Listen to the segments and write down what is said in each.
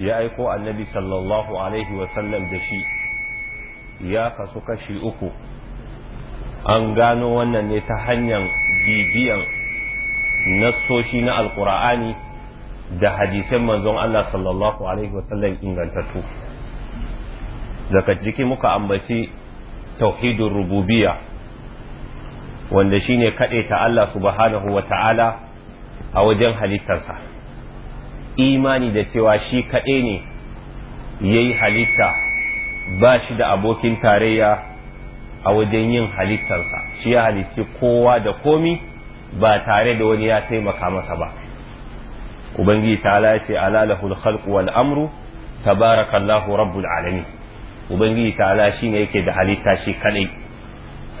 ya aiko annabi sallallahu alaihi wasallam da shi ya kasu kashi uku an gano wannan ne ta hanyar bibiyan nassoshi na alkur'ani da hadisan manzon Allah sallallahu alaihi wasallam ingantattu daga ciki muka ambaci tauhidin rububiya wanda shine kaɗe ta Allah subhanahu wa ta'ala a wajen halittarsa imani da cewa shi kaɗai ne ya yi halitta ba shi da abokin tarayya a wajen yin halittarsa shi ya halitti kowa da komi ba tare da wani ya taimaka masa ba ubangiji ta ce ala lahul khalqu wal amru tabarakallahu rabbul alamin ubangiji ta ne yake da halitta shi kadai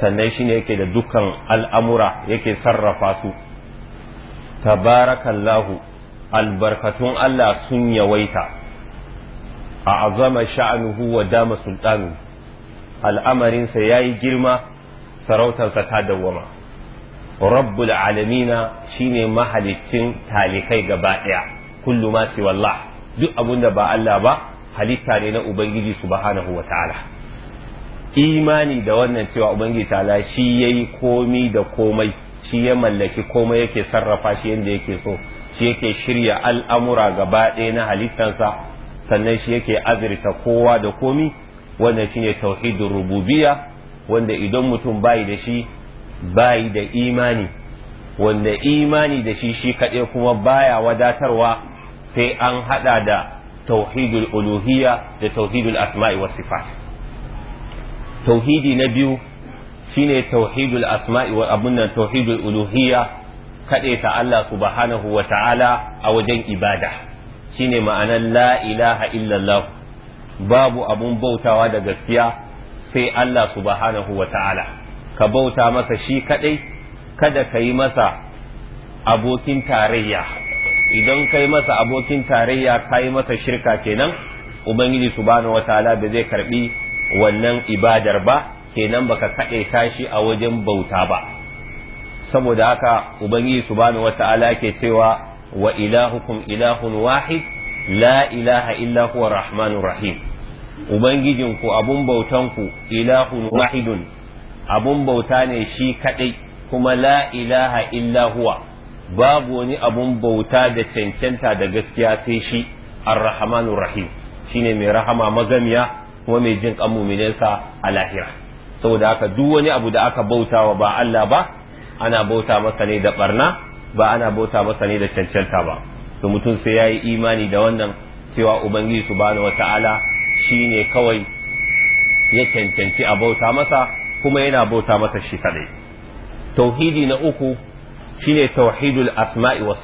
sannan shi ne yake da dukkan al'amura yake sarrafa su tabarakallahu albarkatun Allah sun yawaita a azama sha'anuhu wa dama sultanu al'amarinsa ya yi girma sarautarsa ta dawwama rabbul alamina shine mahalicin talikai gaba ɗaya kullu ma wallah duk abun da ba Allah ba halitta ne na ubangiji subhanahu wa ta'ala imani da wannan cewa ubangiji ta'ala shi yayi komi da komai shi ya mallaki komai yake sarrafa shi yadda yake so shi yake shirya al'amura gaba ɗaya na halittarsa sannan shi yake azurta kowa da komi wanda shi ne tauhidin rububiya wanda idan mutum bayi da shi bayi da imani wanda imani da shi shi kaɗai kuma baya wadatarwa sai an haɗa da tauhidul uluhiyya da tauhidul asma'i wa sifat tauhidi na biyu shine tauhidul asma'i wa abunnan tauhidul uluhiyya kaɗe ta Allah subhanahu wa ta'ala a wajen ibada shine ma'anar la ilaha illallah babu abun bautawa da gaskiya sai Allah subhanahu wa ta'ala ka bauta masa shi kaɗai kada ka yi masa abokin tarayya idan kai masa abokin tarayya ka masa shirka kenan ubangiji subhanahu wa ta'ala ba zai karbi wannan ibadar ba kenan baka kaɗe tashi a wajen bauta ba saboda haka ubangiji wata wata'ala ke cewa wa ilahukum ilahun wahid la ilaha illa huwa rahmanur rahim ubangijinku abun bautanku ilahun wahidun abun bauta ne shi kadai kuma la ilaha illa huwa babu wani abun bauta da cancanta da gaskiya sai shi arrahmanur rahim shine mai rahama magamiya kuma mai jin kan muminansa a lahira saboda haka duk wani abu da aka bautawa ba Allah ba ana bauta masa ne da barna ba ana bauta masa ne da cancanta ba to mutum sai ya yi imani da wannan cewa ubangiji subhanahu wata'ala shine kawai ya cancanci a bauta masa kuma yana bauta masa shi kadai tauhidi na uku shine tauhidul asma'i was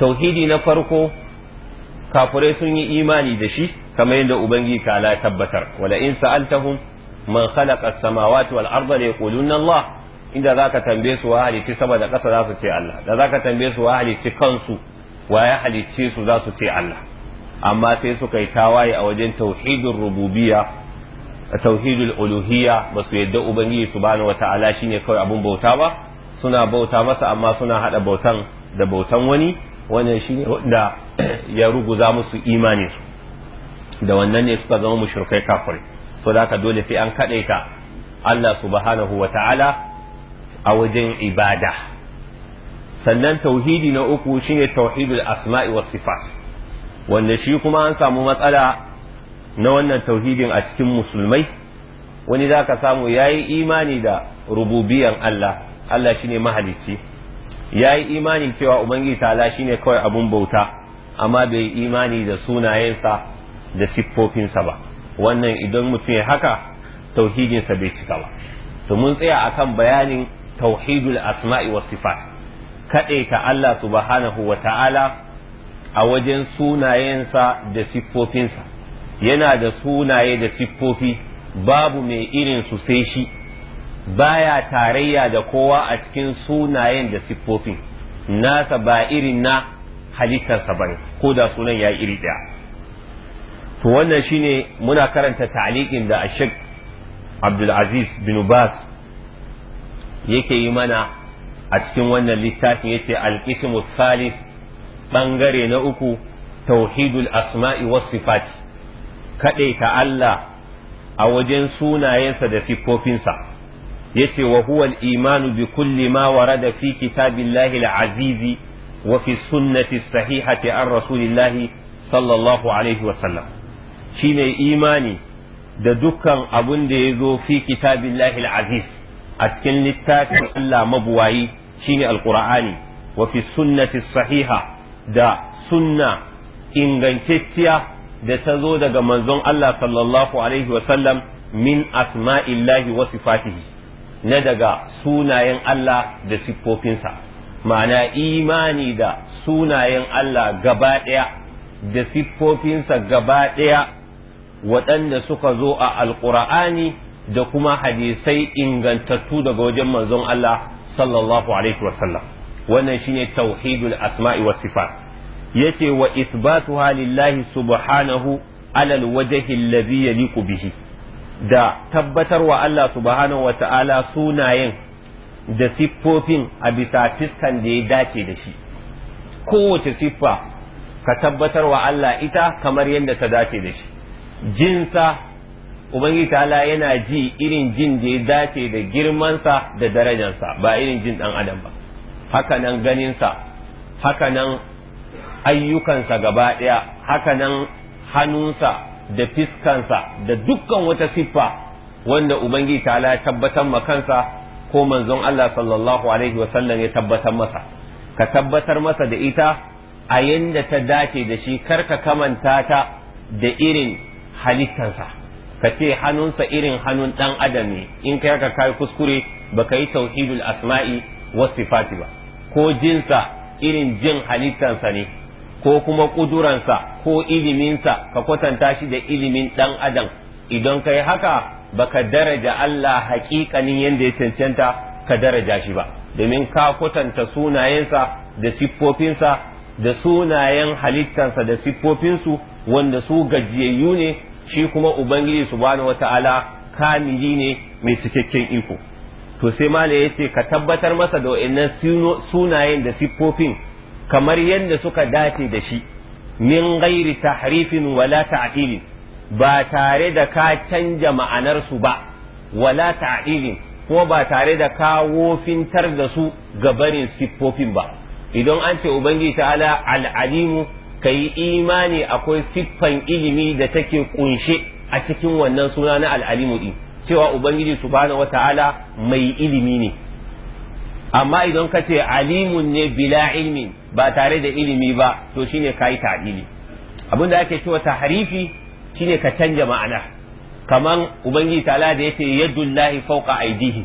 tauhidi na farko kafurai sun yi imani da shi kamar yadda ubangiji ta la tabbatar wala in sa'altahum man khalaqa as-samawati wal arda la yaquluna Allah inda ka tambaye su wa halicci sama da ƙasa za su ce Allah da za ka tambaye su wa halicci kansu wa ya halicce su za su ce Allah amma sai suka yi tawaye a wajen tauhidin rububiyya tauhidul uluhiyya ba su yadda ubangiji subhanahu wata'ala shine kawai abun bauta ba suna bauta masa amma suna hada bautan da bautan wani wannan shine wanda ya ruguza musu imani su da wannan ne suka zama mushrikai kafir to da ka dole sai an kadaita Allah subhanahu wata'ala a wajen ibada sannan tauhidi na uku shine tauhidul asma'i was sifat wanda shi kuma an samu matsala na wannan tauhidin a cikin musulmai wani zaka samu yayi imani da rububiyan Allah Allah shine mahalicci yayi imani cewa ubangiji ta'ala shine kawai abun bauta amma bai imani da sunayensa da siffofinsa ba wannan idan mutum ya haka tauhidinsa bai cika ba to mun tsaya akan bayanin tauhidul asma'i was sifat kadaita Allah subhanahu wa ta'ala a wajen sunayensa da siffofinsa yana da sunaye da siffofi babu mai irin su sai shi baya tarayya da kowa a cikin sunayen da siffofin nasa ba irin na halittarsa bane ko da sunan ya iri ɗaya. to wannan shine muna karanta ta'liqin da Sheikh Abdul Aziz bin Bas yake yi mana a cikin wannan littafin yace alqismu thalith bangare na uku tauhidul asma'i was sifat kadaita Allah a wajen sunayensa da siffofinsa yace wa huwa al-imanu bi kulli ma warada fi kitabillahi al wa fi sunnati sahihati an rasulillahi sallallahu alaihi wa sallam shine imani da dukkan abun da ya zo fi kitabillahi al-aziz a cikin littafin Allah mabuwayi shine alqur'ani wa fi sunnati sahiha da sunna ingantacciya da ta zo daga manzon Allah sallallahu alaihi wa sallam min asma'illahi wa sifatihi na daga sunayen Allah da siffofinsa ma'ana imani da sunayen Allah gaba ɗaya da siffofinsa gaba ɗaya waɗanda suka zo a alƙur'ani da kuma hadisai ingantattu daga wajen manzon Allah sallallahu alaihi wasallam wannan shine tauhidul asma'i was sifat yace wa isbatuha lillahi subhanahu ala alwajhi alladhi yaliqu bihi da tabbatarwa Allah subhanahu wata'ala sunayen da siffofin a bisa fiskan da ya dace da shi kowace siffa ka tabbatarwa Allah ita kamar yadda ta dace da shi jinsa ubangiji ta'ala yana ji irin jin da ya dace da girmansa da darajarsa ba irin jin ɗan adam ba haka nan ganinsa haka nan ayyukansa gaba ɗaya haka nan hannunsa da fiskansa da dukkan wata siffa wanda ubangiji ta'ala ya tabbatar ma kansa ko manzon Allah sallallahu alaihi wasallam ya tabbatar masa ka tabbatar masa da ita a yanda ta dace da shi karka kamanta ta da irin halittansa ka ce hannunsa irin hannun ɗan adam ne in kai ka kai kuskure baka yi tauhidul asma'i wasu sifati ba ko jinsa irin jin halittansa ne ko kuma ƙuduransa ko iliminsa ka kwatanta shi da ilimin ɗan adam idan ka yi haka baka daraja Allah hakikanin yadda ya cancanta ka daraja shi ba domin ka kwatanta sunayensa da siffofinsa da sunayen halittansa da siffofinsu wanda su gajiyayyu ne shi kuma ubangiji subhanahu wata'ala kamili ne mai cikakken iko to sai Malam ya ce ka tabbatar masa da wayannan sunayen da siffofin kamar yadda suka dace da shi min gairi tahrifin wala ta'dilin ba tare da ka canja ma'anarsu ba wala ta'dilin ko ba tare da ka wofintar da su ga barin siffofin ba idan an ce ubangiji ta'ala al'alimu ka yi imani akwai siffan ilimi da take kunshe a cikin wannan suna na al'alimu din cewa ubangiji subhanahu wata'ala mai ilimi ne amma idan ka ce alimun ne bila ilmin ba tare da ilimi ba to shine ka yi abinda abin da ake cewa tahrifi shine ka canja ma'ana kaman ubangiji ta'ala da yace yadullahi fauka aidihi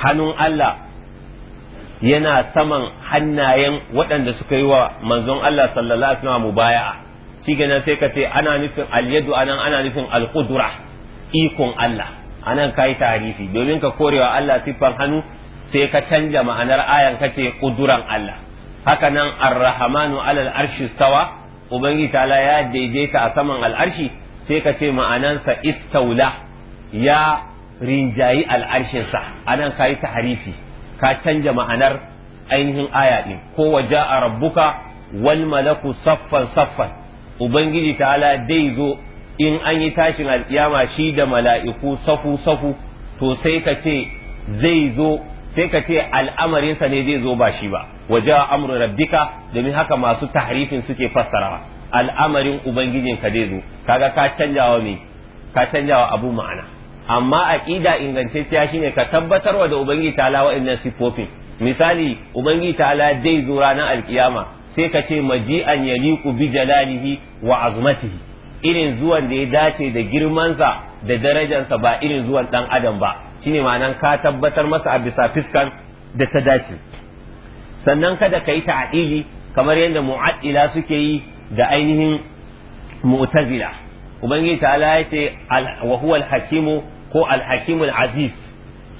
hannun Allah yana saman hannayen waɗanda suka yi wa manzon Allah sallallahu alaihi wasallam mubaya'a shi nan sai ka ce ana nufin alyadu anan ana nufin alqudra ikon Allah anan kai tarifi domin ka korewa Allah siffar hannu sai ka canja ma'anar ayan kace kuduran Allah haka nan arrahmanu alal arshi stawa ubangi ta'ala ya daidaita a saman al'arshi sai ka ce sa istaula ya rinjayi al'arshinsa anan kai tarifi ka canja ma'anar ainihin aya ɗin ko waje a rabbuka wal malaku saffan saffan ubangiji ta'ala dai zo in an yi tashin alkiyama shi da mala'iku safu safu to sai ka ce zai zo sai ka ce al'amarinsa ne zai zo ba shi ba waje amru rabbika domin haka masu tahrifin suke fassarawa al'amarin ubangijinka zai zo kaga ka canjawa mai ka canjawa abu ma'ana amma aqida ingantacciya shine ka tabbatar wa da ubangiji ta'ala wa'annan sifofin misali ubangiji ta'ala zai zo ranar alkiyama sai ka ce maji'an yaliqu bi jalalihi wa azmatihi irin zuwan da ya dace da girmansa da darajansa ba irin zuwan dan adam ba shine ma'anan ka tabbatar masa a bisa fiskan da ta dace sannan kada ka yi ta'adili kamar yadda mu'addila suke yi da ainihin mu'tazila ubangiji ta'ala ya ce wa huwa al-hakimu ko alhakimul aziz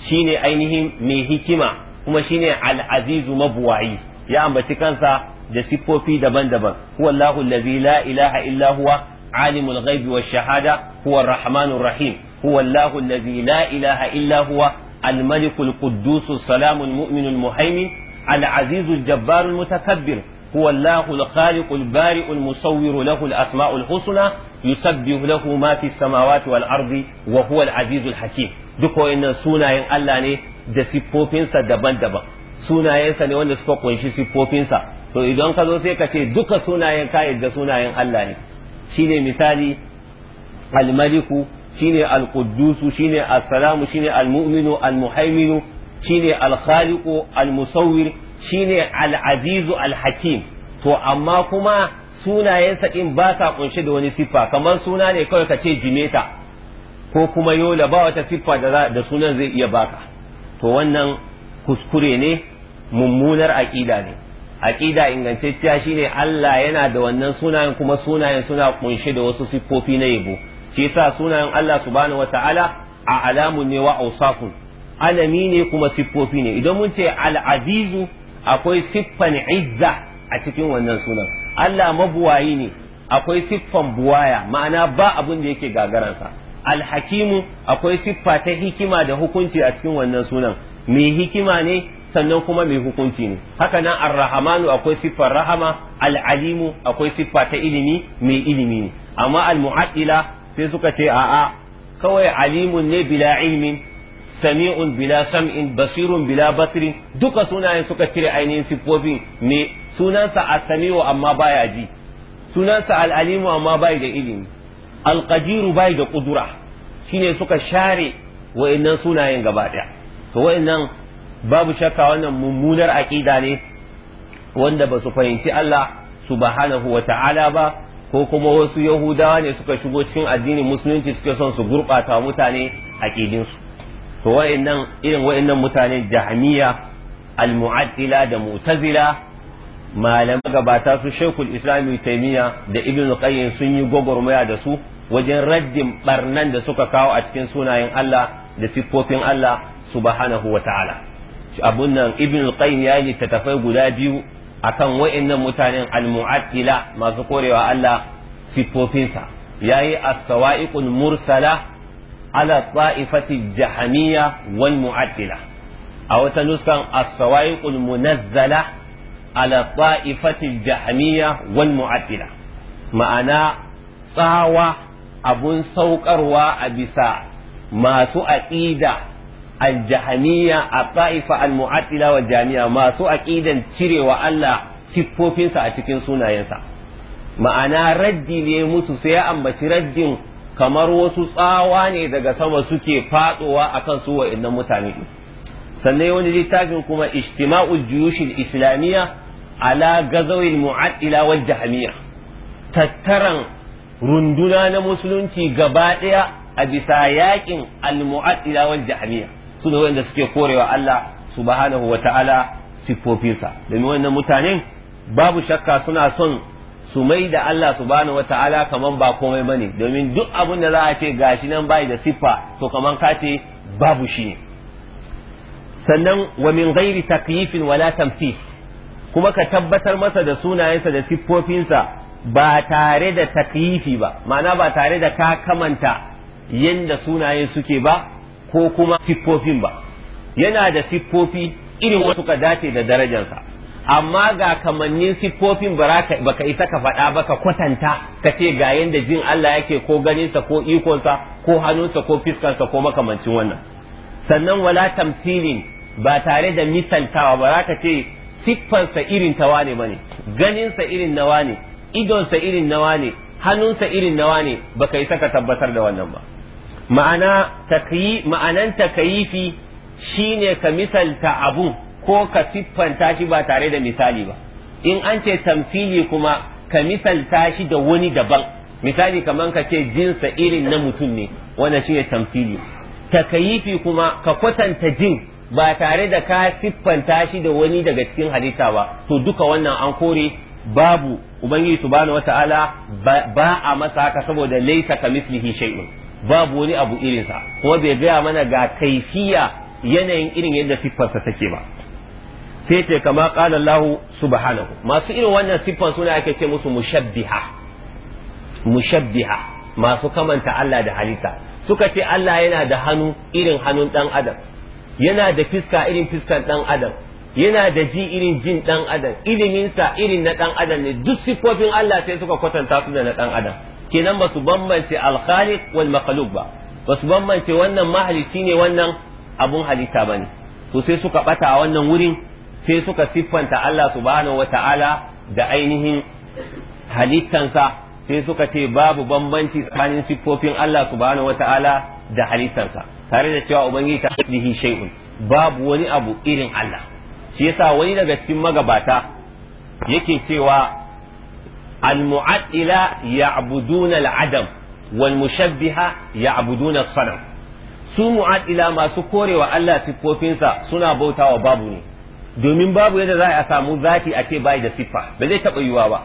shine ainihin mai hikima kuma shine al'azizu mabuwayi ya ambaci kansa da siffofi daban-daban huwallahu allazi la ilaha illa huwa alimul ghaibi wash shahada huwa arrahmanur rahim huwallahu allazi la ilaha illa huwa الملك القدوس salamul المؤمن المهيمن العزيز الجبار المتكبر هو الله الخالق البارئ المصور له الأسماء الحسنى يسبح له Samawatu في arzi والأرض وهو العزيز الحكيم duka wayannan sunayen Allah ne da siffofinsa daban-daban sunayensa ne wanda suka kunshi siffofinsa to idan ka zo sai ka ce duka sunayen ka da sunayen Allah ne shine misali almaliku shine alquddusu shine assalamu shine almu'minu almuhaiminu shine alkhaliqu almusawwir shine al-azizu al-hakim to amma kuma sunayensa din ba sa kunshe da wani siffa kamar suna ne kawai ka ce jimeta ko kuma yola ba wata siffa da sunan zai iya baka to wannan kuskure ne mummunar aƙida ne aƙida ingantacciya shine Allah yana da wannan sunayen kuma sunayen suna kunshe da wasu siffofi na yabo shi yasa sunayen Allah subhanahu wataala a alamun ne wa ausafun alami ne kuma siffofi ne idan mun ce al-azizu akwai siffan izza a cikin wannan sunan Allah mabuwayi ne akwai siffan buwaya ma'ana ba abin da yake gagaransa alhakimu akwai siffa ta hikima da hukunci a cikin wannan sunan mai hikima ne sannan kuma mai hukunci ne haka nan arrahamanu akwai siffar rahama al'alimu akwai siffa ta ilimi mai ilimi ne amma al-mu'addila sai suka ce a'a kawai alimun ne bila ilmin sami'un bila sam'in basirun bila basirin duka sunayen suka cire ainihin siffofin me sunansa a samiu amma baya ji sunansa al-alimu amma bai da ilimi alƙajiru qadiru bai da kudura shine suka share wa'annan sunayen gaba ɗaya to wa'annan babu shakka wannan mummunar aƙida ne wanda ba su fahimci Allah subhanahu wa ta'ala ba ko kuma wasu yahudawa ne suka shigo cikin addinin musulunci suke son su gurɓata mutane aƙidinsu to wayannan irin wa'annan mutanen jahmiya al da mu'tazila malamai gabata su shekul islami taimiya da ibn qayyim sun yi gwagwarmaya da su wajen raddin barnan da suka kawo a cikin sunayen Allah da siffofin Allah subhanahu wa ta'ala abun nan ibn qayyim ya yi littattafai guda biyu akan wa'annan mutanen al masu korewa Allah siffofinsa yayi as-sawa'iqul mursala ala ta'ifati jahamiyya wal a wata nuskan as-sawa'iqul munazzala ala ta'ifati jahamiyya wal ma'ana tsawa abun saukarwa a bisa masu aqida al-jahamiyya a ta'ifa al wa jami'a masu aqidan cirewa Allah siffofinsa a cikin sunayensa ma'ana raddi ne musu sai ya ambaci raddin kamar wasu tsawa ne daga sama suke a akan su wa'annan mutane sannan wani littafin kuma ijtima'u juyushin islamiyya ala gazawin mu'addila wal tattaran runduna na musulunci gaba a bisa yakin al mu'addila wal jahmiya su ne wanda suke korewa Allah subhanahu wa ta'ala siffofinsa domin wannan mutanen babu shakka suna son su mai da Allah su bani subhanahu ta’ala kamar ba komai bane domin duk abin da za a ce gashi nan bai da siffa to kamar ka ce babu shi sannan wa min ghairi takyifin wala tamthil kuma ka tabbatar masa da sunayensa da siffofinsa ba tare da takyifi ba ma'ana ba tare da ka kamanta yanda sunaye suke ba ko kuma siffofin ba yana da siffofi irin wasu ka dace da darajarsa amma ga kamannin siffofin ba ka isa ka faɗa ba ka kwatanta ka ce ga yadda jin Allah yake ko ganinsa ko ikonsa ko hannunsa ko fiskansa ko makamancin wannan sannan wala tamsilin ba tare da misaltawa ba za ka ce siffansa irin tawa ne ba ne ganinsa irin nawa ne idonsa irin nawa ne hannunsa irin nawa ne ba ka isa ka tabbatar da wannan ba ma'ana ma'anan takayifi shine ka misalta abun ko ka siffanta shi ba tare da misali ba in an ce tamfili kuma ka misalta shi da wani daban misali kamar ka ce jinsa irin na mutum ne wanda shi ne tamfili takayifi kuma ka kwatanta jin ba tare da ka siffanta shi da wani daga cikin halitta ba to duka wannan an kore babu ubangiji subhanahu wata'ala ba a masa haka saboda laisa ka mislihi shay'un babu wani abu irinsa kuma bai gaya mana ga kaifiya yanayin irin yadda siffarsa take ba sai ce kama lahu Allah subhanahu masu irin wannan siffan suna ake ce musu mushabbiha mushabbiha masu kamanta Allah da halitta suka ce Allah yana da hannu irin hannun dan adam yana da fiska irin fiskan dan adam yana da ji irin jin dan adam iliminsa irin na dan adam ne duk siffofin Allah sai suka kwatanta su da na dan adam kenan ba su bambance alkhaliq wal makhluq ba ba su bambance wannan mahalici ne wannan abun halitta bane to sai suka bata a wannan wurin sai suka siffanta Allah subhanahu wata'ala da ainihin halittansa sai suka ce babu bambanci tsakanin siffofin Allah subhanahu wata'ala da halittansa tare da cewa ubangiji ta bihi shay'un babu wani abu irin Allah shi yasa wani daga cikin magabata yake cewa al-mu'attila ya'buduna al-adam wal mushabbiha ya'buduna as-sanam su mu'attila masu korewa Allah siffofinsa suna bautawa babu ne domin babu yadda za a samu zati a ce bai da siffa ba zai taɓa yiwa ba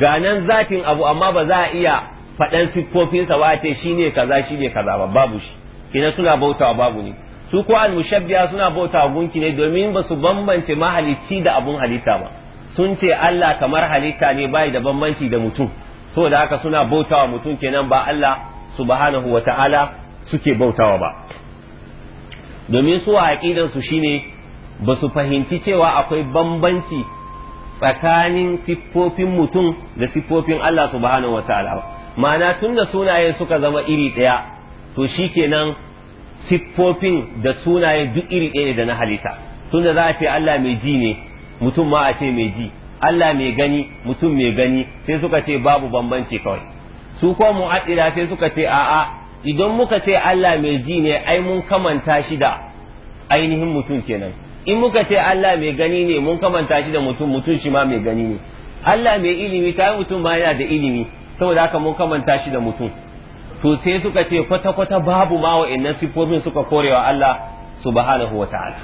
ganan nan zatin abu amma ba za a iya faɗan siffofinsa ba a ce shi kaza shi ne kaza ba babu shi kina suna bautawa babu ne su ko al mushabbiya suna bautawa gunki ne domin ba su bambance mahalicci da abun halitta ba sun ce Allah kamar halitta ne bai da bambanci da mutum to da haka suna bautawa mutum kenan ba Allah subhanahu wa ta'ala suke bautawa ba domin su a aqidan su shine ba su fahimci cewa akwai bambanci tsakanin siffofin mutum da siffofin Allah subhanahu wa ta'ala ma'ana tun da sunayen suka zama iri ɗaya to shi shikenan siffofin da sunayen duk iri ɗaya ne da na halitta tun da za a ce Allah mai ji ne mutum ma a ce mai ji Allah mai gani mutum mai gani sai suka ce babu bambanci kawai su ko mu'addila sai suka ce a'a idan muka ce Allah mai ji ne ai mun kamanta shi da ainihin mutum kenan in muka ce Allah mai gani ne mun kamanta shi da mutum mutum shi ma mai gani ne Allah mai ilimi ta yi mutum ma yana da ilimi saboda haka mun kamanta shi da mutum to sai suka ce kwata kwata babu ma wa'annan sifofin suka korewa Allah subhanahu wa ta'ala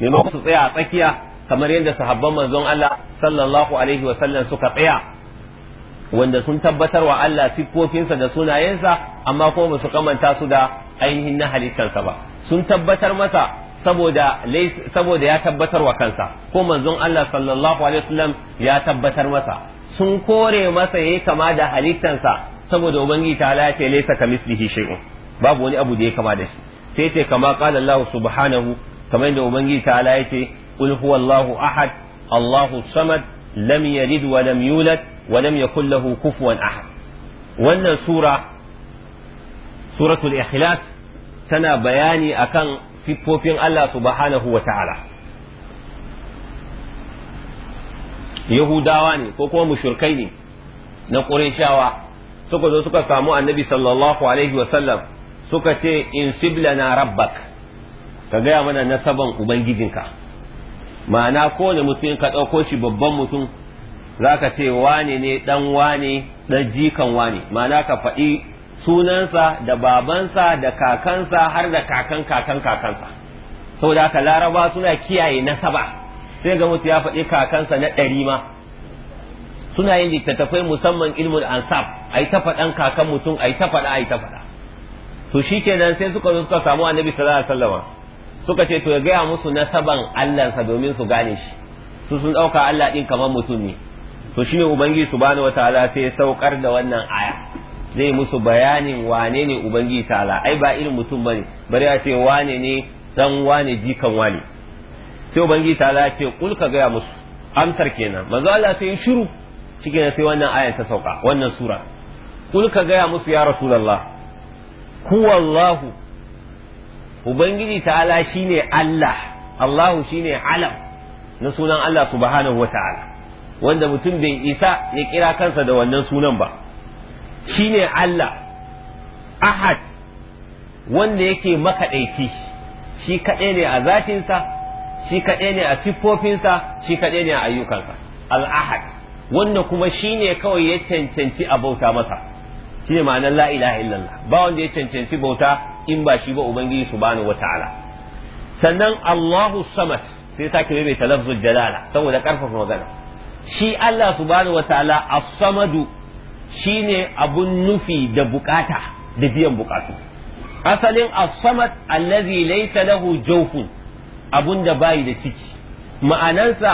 maimakon su tsaya a tsakiya kamar yadda sahabban manzon Allah sallallahu alaihi wa sallam suka tsaya wanda sun tabbatar wa Allah siffofinsa da sunayensa amma kuma ba su kamanta su da ainihin na halittarsa ba sun tabbatar masa saboda ya tabbatar wa kansa ko manzon Allah sallallahu alaihi wasallam ya tabbatar masa sun kore masa yayi kama da halittansa saboda ubangiji ta ya ce laysa kamislihi shay'un babu wani abu da ya kama da shi sai ce kama qala Allah subhanahu kamar da ubangiji ta ya ce qul huwallahu ahad Allahu samad lam yalid wa lam yulad wa lam yakul lahu kufuwan ahad wannan sura suratul ikhlas tana bayani akan siffofin Allah subhanahu wa ta'ala yahudawa ne ko kuma mushrikai ne na qurayshawa suka zo suka samu annabi sallallahu alaihi wa sallam suka ce in sibla na rabbak ka gaya mana nasaban ubangijinka ma'ana kowane mutum ka ɗauko shi babban mutum za ka ce wane ne ɗan wane ɗan jikan wane ma'ana ka faɗi sunansa da babansa da kakansa har da kakan kakan kakansa saboda haka laraba suna kiyaye nasaba sai ga mutu ya faɗi kakansa na ɗari ma suna yin littattafai musamman ilmul ansaf ai ta faɗan kakan mutum ai ta faɗa ai ta faɗa to shikenan sai suka zo suka samu annabi sallallahu alaihi suka ce to ya gaya musu nasaban allansa domin su gane shi su sun ɗauka Allah ɗin kamar mutum ne to shine ubangiji subhanahu wataala sai ya saukar da wannan aya zai musu bayanin wane ne ubangiji ta'ala ai ba irin mutum bane bari a ce wane ne dan wane jikan wane sai ubangiji ta'ala ce kul ka gaya musu amsar kenan manzo Allah sai shiru cikin sai wannan ayan ta sauka wannan sura kul ka gaya musu ya rasulullah wallahu ubangiji ta'ala shine Allah Allahu shine alam na sunan Allah subhanahu wa wanda mutum bai isa ya kira kansa da wannan sunan ba shine Allah ahad wanda yake makaɗaici shi kaɗai ne a zatinsa shi kaɗai ne a siffofinsa shi kaɗai ne a ayyukansa al-ahad wanda kuma shine kawai ya cancanci a bauta masa shine ma'anar la ilaha illallah ba wanda ya cancanci bauta in ba shi ba ubangiji subhanahu wata'ala sannan Allahu samad sai sake mai talaffuzul jalala saboda karfafa magana shi Allah subhanahu wata'ala as-samadu shine abun nufi da bukata da biyan bukatu asalin as-samad allazi laysa lahu jawfun abun da bayi da ciki ma'anansa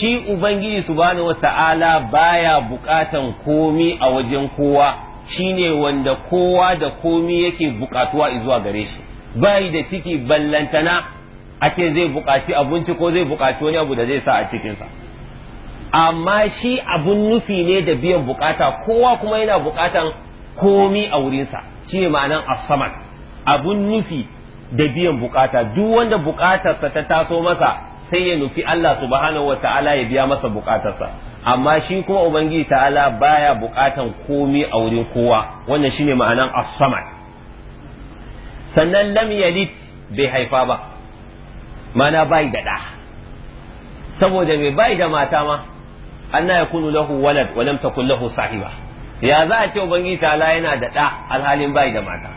shi ubangiji subhanahu wata'ala baya bukatan komi a wajen kowa shine wanda kowa da komi yake bukatuwa zuwa gare shi bayi da ciki ballantana ake zai bukaci abinci ko zai bukaci wani abu da zai sa a cikinsa amma shi abun nufi ne da biyan bukata kowa kuma yana bukatan komi a wurinsa shi ne ma'anan asamar. abun nufi da biyan bukata duk wanda bukatarsa ta taso masa sai ya nufi Allah subhanahu Ta'ala ya biya masa bukatarsa amma shi kuma ubangiji ta'ala baya bukatan komi a wurin kowa wannan shine ma'anan asaman sannan lam yalid bai haifa ba mana bai da ɗa saboda mai bai da mata ma anna yakunu lahu walad wa lam takul lahu sahiba ya za a ce ubangiji ala yana da da alhalin bai da mata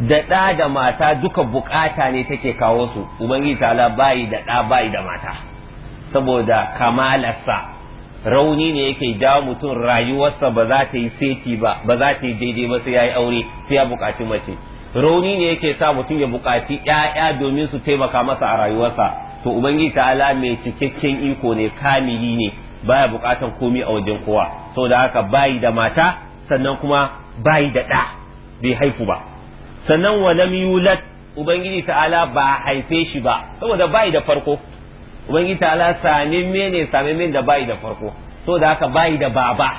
da da da mata duka bukata ne take kawo su ubangiji ala bai da da bai da mata saboda kamalarsa rauni ne yake ja mutum rayuwarsa ba za ta yi seti ba ba za ta yi daidai ba sai ya yi aure sai ya bukaci mace rauni ne yake sa mutum ya bukaci ‘ya'ya domin su taimaka masa a rayuwarsa to ubangiji ala mai cikakken iko ne kamili ne baya bukatan komi a wajen kowa saboda haka bayi da mata sannan kuma bayi da ɗa bai haifu ba sannan walam yulad ubangiji ta'ala ba haife shi ba saboda bayi da farko ubangiji ta'ala same mene same mene da bayi da farko saboda haka bayi da baba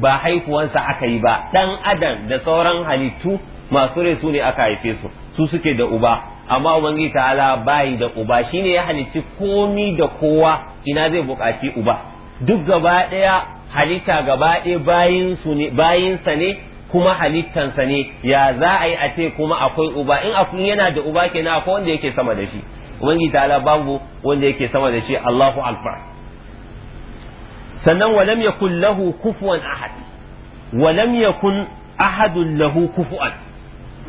ba haifuwansa aka yi ba dan adam da sauran halittu masu rai su ne aka haife su su suke da uba amma ubangiji ta'ala bayi da uba shine ya halicci komi da kowa ina zai buƙaci uba duk gaba ɗaya halitta gaba ɗaya sa ne kuma halittansa ne ya za a yi a ce kuma akwai uba in akwai yana da uba kenan akwai wanda yake sama da shi ta ala babu wanda yake sama da shi Allahu akbar sannan walam yakun lahu kufuwan ahad walam yakun ahadun lahu kufuwan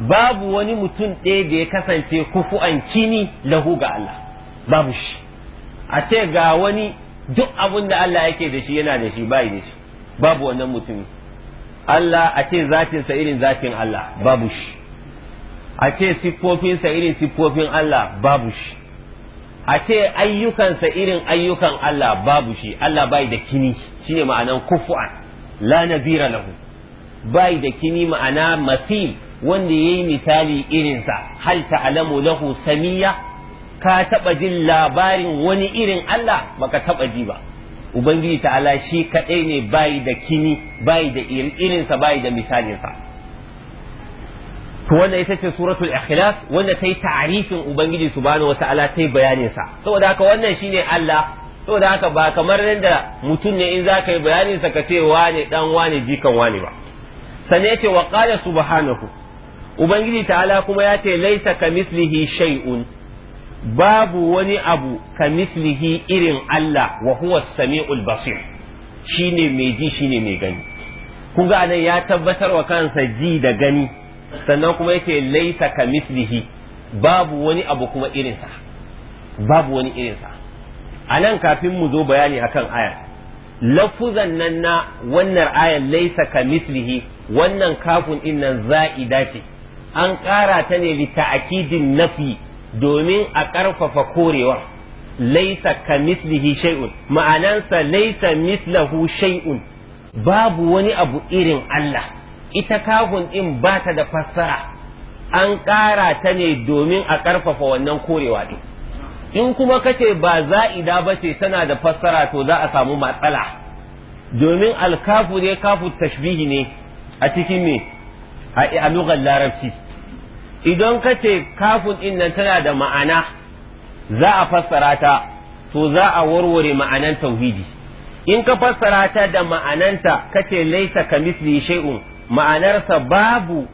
babu wani mutum ɗaya da ya kasance kufuwan kini lahu ga Allah babu shi a ce ga wani duk abin da Allah yake da shi yana da shi bai da shi babu wannan mutumi Allah a ce zatinsa irin zatin Allah babu shi a ce siffofinsa irin siffofin Allah babu shi a ce ayyukansa irin ayyukan Allah babu shi Allah bai da kini shine ma'anan kufu'an la nazira lahu bai da kini ma'ana masil wanda yayi misali irinsa hal ta'lamu lahu samiyya. ka taɓa jin labarin wani irin Allah baka taɓa ji ba ubangiji ta Allah shi kaɗai ne bayi da kini bayi da irinsa bayi da misalinsa to wannan ita ce suratul ikhlas wanda ta yi ta'arifin ubangiji subhanahu wata'ala ta yi bayaninsa saboda haka wannan shine Allah saboda haka ba kamar yadda mutum ne in za ka yi bayaninsa ka ce wane dan wane jikan wane ba ya yace wa qala subhanahu ubangiji ta'ala kuma ya ce laisa ka mislihi shay'un babu wani abu ka mislihi irin Allah wa huwa sami'ul basir shine mai ji shine mai gani kun ga nan ya tabbatar wa kansa ji da gani sannan kuma yake laisa ka mislihi babu wani abu kuma irinsa babu wani irinsa a nan kafin mu zo bayani akan aya lafuzan nan na wannan ayan laisa ka mislihi wannan kafin innan za'ida ce an ƙara ta ne li ta'akidin nafi domin a ƙarfafa korewa laisa ka mislihi shay'un ma'anansa laisa mislahu shay'un babu wani abu irin Allah ita kahun din ba ta da fassara an ƙara ta ne domin a ƙarfafa wannan korewa din in kuma kace ba za'ida ba ce tana da fassara to za a samu matsala domin alkafu ne kafu tashbihi ne a cikin me a lugar larabci idan ka ce kafin in nan tana da ma'ana za a fassara ta to za a warware ma'anan tauhidi in ka fassara ta da ma'ananta ka ce laisa ka misli shay'un ma'anarsa babu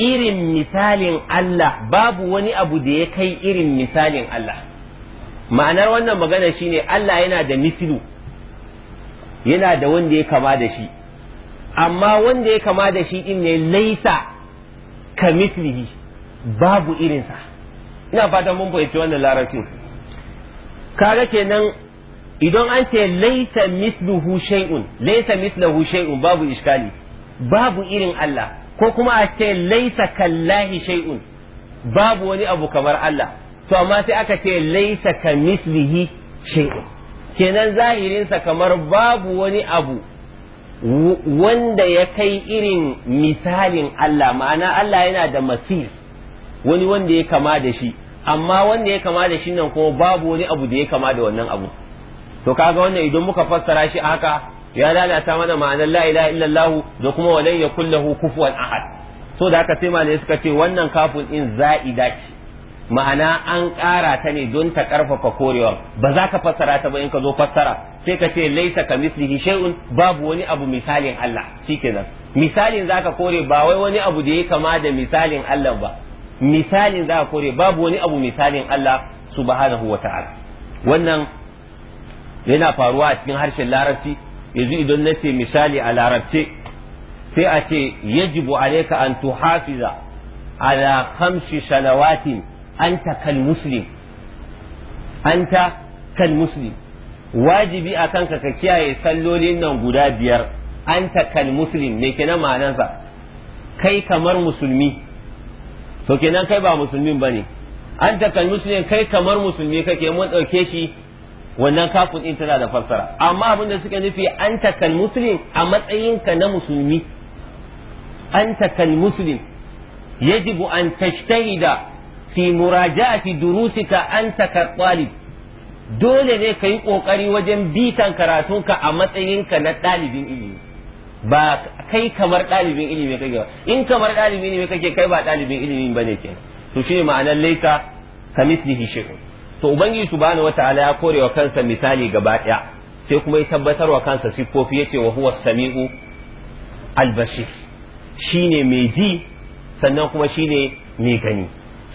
irin misalin Allah babu wani abu da ya kai irin misalin Allah ma'anar wannan magana shine Allah yana da mislu yana da wanda ya kama da shi amma wanda ya kama da shi din ne laisa ka mislihi babu irinsa ina fatan mun fahimci wannan larabcin kaga kenan idan an ce laisa misluhu shay'un laisa mithluhu shay'un babu iskali babu irin Allah ko kuma a ce laisa kallahi shay'un babu wani abu kamar Allah to amma sai aka ce laisa ka mislihi shay'un kenan zahirinsa kamar babu wani abu wanda ya kai irin misalin Allah ma'ana Allah yana da masir wani wanda ya kama da shi amma wanda ya kama da shi nan kuma babu wani abu da ya kama da wannan abu to kaga wannan idan muka fassara shi haka ya lalata mana ma'anar la ilaha illallah da kuma walan ya lahu kufuwan ahad so da haka sai malai suka ce wannan kafin in za'ida ce ma'ana an ƙara ta ne don ta ƙarfafa korewa ba za ka fassara ta ba in ka zo fassara sai ka ce laisa ka mislihi shay'un babu wani abu misalin Allah shikenan misalin za ka kore ba wai wani abu da ya kama da misalin Allah ba misalin za ka kore babu wani abu misalin Allah subhanahu wata'ala wannan yana faruwa a cikin harshen larabci yanzu idan na ce misali a larabce sai a ce yajibu alayka an tuhafiza ala khamsi salawatin anta kal muslim anta kal muslim wajibi a kanka ka kiyaye sallolin nan guda biyar anta kal muslim me kenan ma'anansa kai kamar musulmi to kenan kai ba musulmin bane anta kal muslim kai kamar musulmi kake mun dauke shi wannan kafin din tana da fassara amma abin da suka nufi anta kal muslim a matsayinka na musulmi anta kal muslim yajibu an tashtahida fi muraja'ati durusika anta talib dole ne ka yi ƙoƙari wajen bitan karatunka a matsayinka na ɗalibin ilimi ba kai kamar ɗalibin ilimi kake ba in kamar ɗalibin ilimi kake kai ba ɗalibin ilimi bane ke to shine ma'anar laika kamislihi shi to ubangiji subhanahu wataala ya kore wa kansa misali gaba ɗaya sai kuma ya tabbatar wa kansa siffofi yace wa huwa sami'u albashir shine mai ji sannan kuma shine mai gani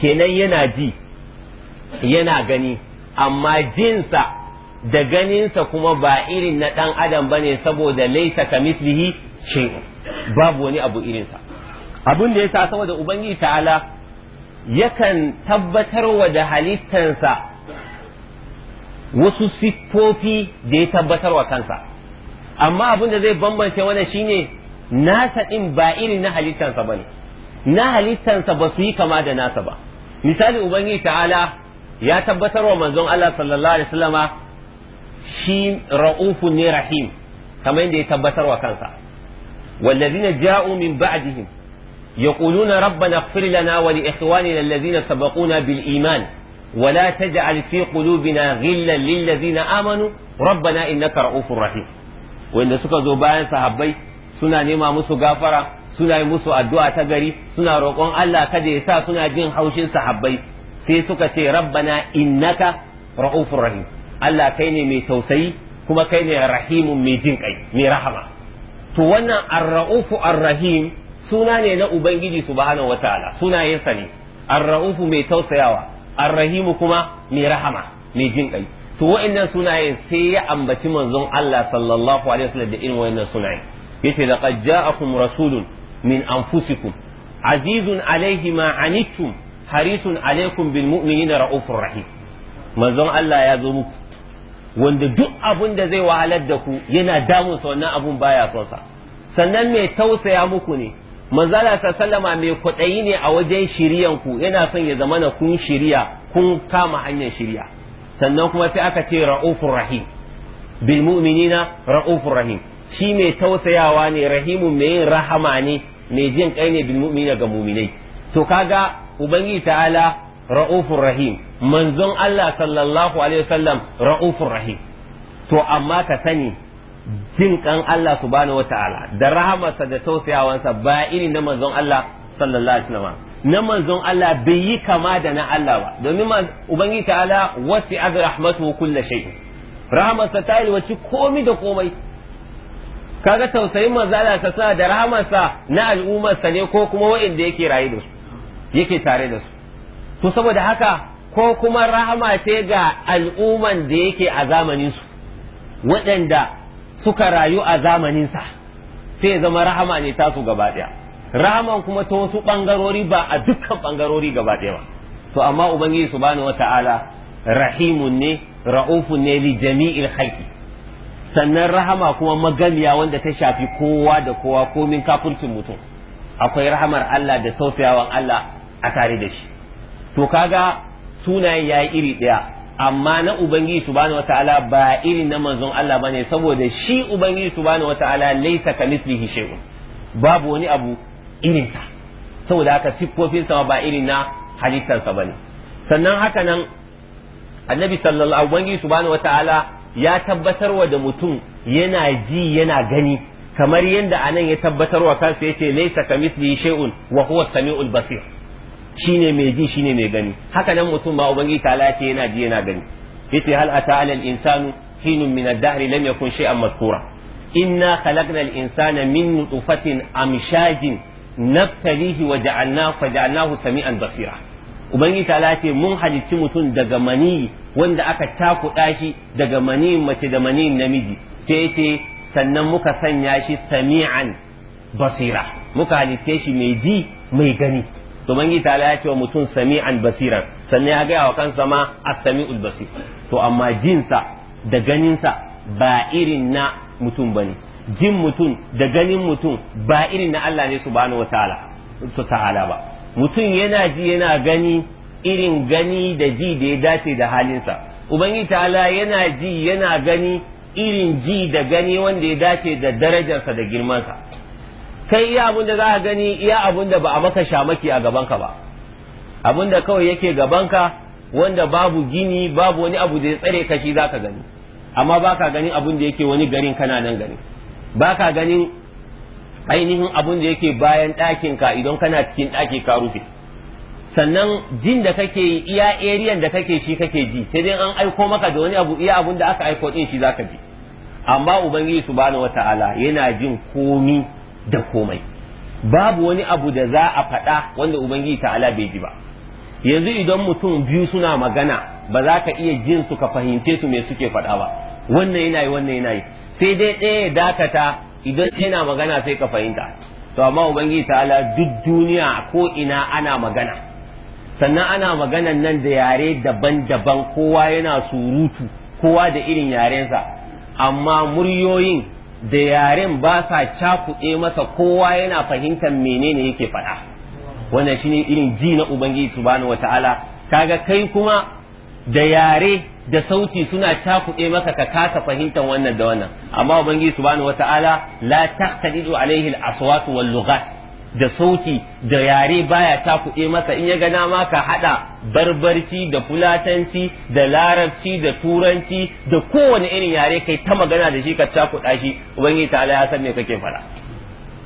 kenan yana ji yana gani amma jinsa da ganinsa kuma ba irin na ɗan adam ba ne saboda laisa ka mislihi ce babu wani abu irinsa abin da ya sa saboda ubangiji ta'ala yakan tabbatarwa da halittansa wasu siffofi da ya tabbatarwa kansa amma abin da zai bambance wannan shine nasa ɗin ba irin na halittansa ba ne na halittansa ba su yi kama da nasa ba misali ubangiji ta'ala ya tabbatar wa manzon Allah sallallahu alaihi wasallama shi ra'ufu ne rahim kamar yadda ya tabbatar wa kansa wallazina ja'u min ba'dihim يقولون ربنا اغفر لنا ولإخواننا الذين سبقونا بالإيمان ولا تجعل في قلوبنا غلا للذين آمنوا ربنا إنك رؤوف رحيم وإن zo bayan صحابي سنة نما مسو gafara. suna yi musu addu'a ta gari suna roƙon Allah kada ya sa suna jin haushin sahabbai sai suka ce rabbana innaka ra'ufur rahim Allah kai ne mai tausayi kuma kai ne rahimun mai jin kai mai rahama to wannan ar-ra'ufu ar-rahim suna ne na ubangiji subhanahu wataala sunayensa ne ar-ra'ufu mai tausayawa ar-rahimu kuma mai rahama mai jin kai to wa'annan sunaye sai ya ambaci manzon Allah sallallahu alaihi wasallam da irin wa'annan sunaye yace laqad ja'akum rasulun min anfusikum azizun alaihi ma anittum harisun alaikum bil na raufur rahim manzon Allah ya zo muku wanda duk abun da zai wahalar da ku yana damunsa wannan abun baya son sa sannan mai tausaya muku ne manzala sallama mai kwaɗayi ne a wajen shiriyanku yana son ya zamana kun shirya kun kama hanyar shirya sannan kuma sai aka ce ra'ufur rahim bil mu'minina ra'ufur rahim shi mai tausayawa ne rahimun mai yin rahama ne mai jin kai ne bil mu'mina ga mu'minai to kaga ubangiji ta'ala ra'ufur rahim manzon Allah sallallahu alaihi wasallam ra'ufur rahim to amma ka sani jin kan Allah subhanahu wataala da rahamarsa da tausayawansa ba iri na manzon Allah sallallahu alaihi wasallam na manzon Allah bai yi kama da na Allah ba domin ubangiji ta'ala wasi'a rahmatuhu kullu shay rahamarsa ta yi wace komai da komai kaga tausayin manzo Allah ta sa da rahamarsa na al'ummarsa ne ko kuma wa'inda yake raye da su yake tare da su to saboda haka ko kuma rahama ce ga al'umman da yake a zamanin su waɗanda suka rayu a zamanin sa sai zama rahama ne tasu gaba ɗaya rahaman kuma ta wasu ɓangarori ba a dukkan ɓangarori gaba ɗaya ba to amma ubangiji subhanahu wata'ala rahimun ne ra'ufun ne li jami'il khalqi sannan rahama kuma magamiya wanda ta shafi kowa da kowa komin kafurcin mutum akwai rahamar Allah da tausayawan Allah a tare da shi to kaga sunayen yayi iri daya amma na ubangiji subhanahu wataala ba irin na manzon Allah bane saboda shi ubangiji subhanahu wataala ka mislihi shay'un babu wani abu irin sa saboda haka sa ba irin na halittarsa bane sannan haka nan annabi sallallahu alaihi subhanahu wataala ya tabbatarwa da mutum yana ji yana gani kamar yadda anan ya tabbatarwa kansa yace laysa misli shay'un wa huwa samiul basir shine mai ji shine mai gani haka nan mutum ma ubangi ta yace yana ji yana gani yace hal ata alal insanu hinun min ad-dahr lam yakun shay'an madhkura inna khalaqna al-insana min nutfatin amshajin nabtalihi wa ja'alnahu fa ja'alnahu sami'an basira ubangi ta yace mun halicci mutum daga mani wanda aka takuɗa shi daga maniyin mace da maniyin namiji sai ce sannan muka sanya shi sami'an basira muka halitta shi mai ji mai gani to mangi ta ya ce wa mutum sami'an basirar. sannan ya gaya wa kansa ma as-sami'ul basir to amma jinsa da ganinsa ba irin na mutum bane jin mutum da ganin mutum ba irin na Allah ne subhanahu wataala ta'ala ba mutum yana ji yana gani irin gani da ji da ya dace da halinsa ubangiji ta'ala yana ji yana gani irin ji da gani wanda ya dace da darajarsa da girmansa kai iya abin da za ka gani iya abin da ba a maka shamaki a gabanka ba abin da kawai yake gabanka wanda babu gini babu wani abu da ya tsare ka za ka gani amma ba ka ganin abin da yake wani garin kana nan gani ba ka ganin ainihin abin da yake bayan ɗakinka idan kana cikin ɗaki ka rufe sannan jin da kake yi iya eriyan da kake shi kake ji sai dai an aiko maka da wani abu iya abun da aka aiko din shi zaka ji amma ubangiji subhanahu wataala yana jin komi da komai babu wani abu da za a faɗa wanda ubangiji ta'ala bai ji ba yanzu idan mutum biyu suna magana ba za ka iya jin su ka fahimce su me suke faɗa ba wannan yana yi wannan yana yi sai dai ɗaya ya dakata idan yana magana sai ka fahimta to amma ubangiji ta'ala duk duniya ko ina ana magana sannan ana maganan nan da yare daban-daban kowa yana surutu kowa da irin yarensa amma muryoyin da yaren ba sa cakuɗe masa kowa yana fahimtar menene yake faɗa wannan shine irin ji na ubangiji subhanahu wataala kaga kai kuma da yare da sauti suna cakuɗe masa ka kasa fahimtar wannan da wannan amma ubangiji subhanahu wataala la taqtadidu alaihi al-aswat wal lughat da sauki da yare baya ta kuɗe masa in ya ga dama ka haɗa barbarci da fulatanci da larabci da turanci da kowane irin yare kai ta magana da shi ka cakuɗa shi ubangiji ta ya san me kake fara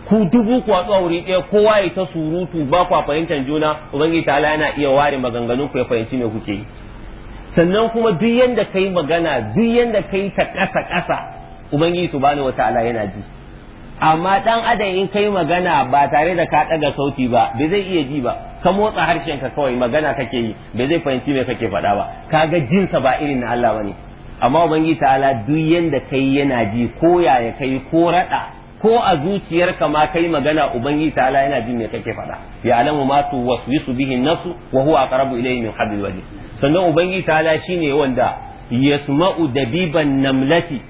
ku dubu ku a wuri ɗaya kowa ya ta surutu ba a fahimtar juna ubangiji ta yana iya ware maganganun ku ya fahimci me kuke yi sannan kuma duk yanda kai magana duk yanda kai ta ƙasa ƙasa ubangiji subhanahu wataala yana ji amma dan adam in kai magana ba tare da ka daga sauti ba bai zai iya ji ba ka motsa harshen ka kawai magana kake yi bai zai fahimci me kake faɗa ba kaga jinsa ba irin na Allah bane amma ubangiji ta'ala duk yanda kai yana ji ko yaya kai ko rada ko a zuciyarka ma kai magana ubangiji ta'ala yana ji me kake faɗa ya alamu ma tu waswisu bihi nasu wa huwa aqrabu ilayhi min hablil wajh sannan ubangiji ta'ala shine wanda yasma'u dabiban namlati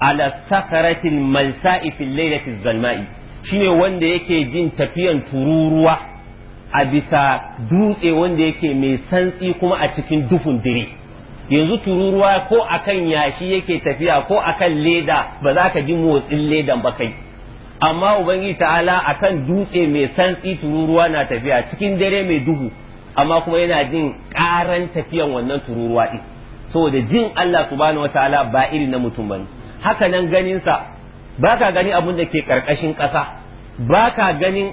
ala sakaratin malsa'i fil lailati zalma'i shine wanda yake jin tafiyan tururuwa a bisa dutse wanda yake mai santsi kuma a cikin dufun dire yanzu tururuwa ko akan yashi yake tafiya ko akan leda ba za ka ji motsin ledan ba kai amma ubangiji ta'ala akan dutse mai santsi tururuwa na tafiya cikin dare mai duhu amma kuma yana jin karan tafiyan wannan tururuwa din saboda jin Allah subhanahu wataala ba iri na mutum bane haka nan ganinsa ba ka gani abin da ke ƙarƙashin ƙasa ba ka ganin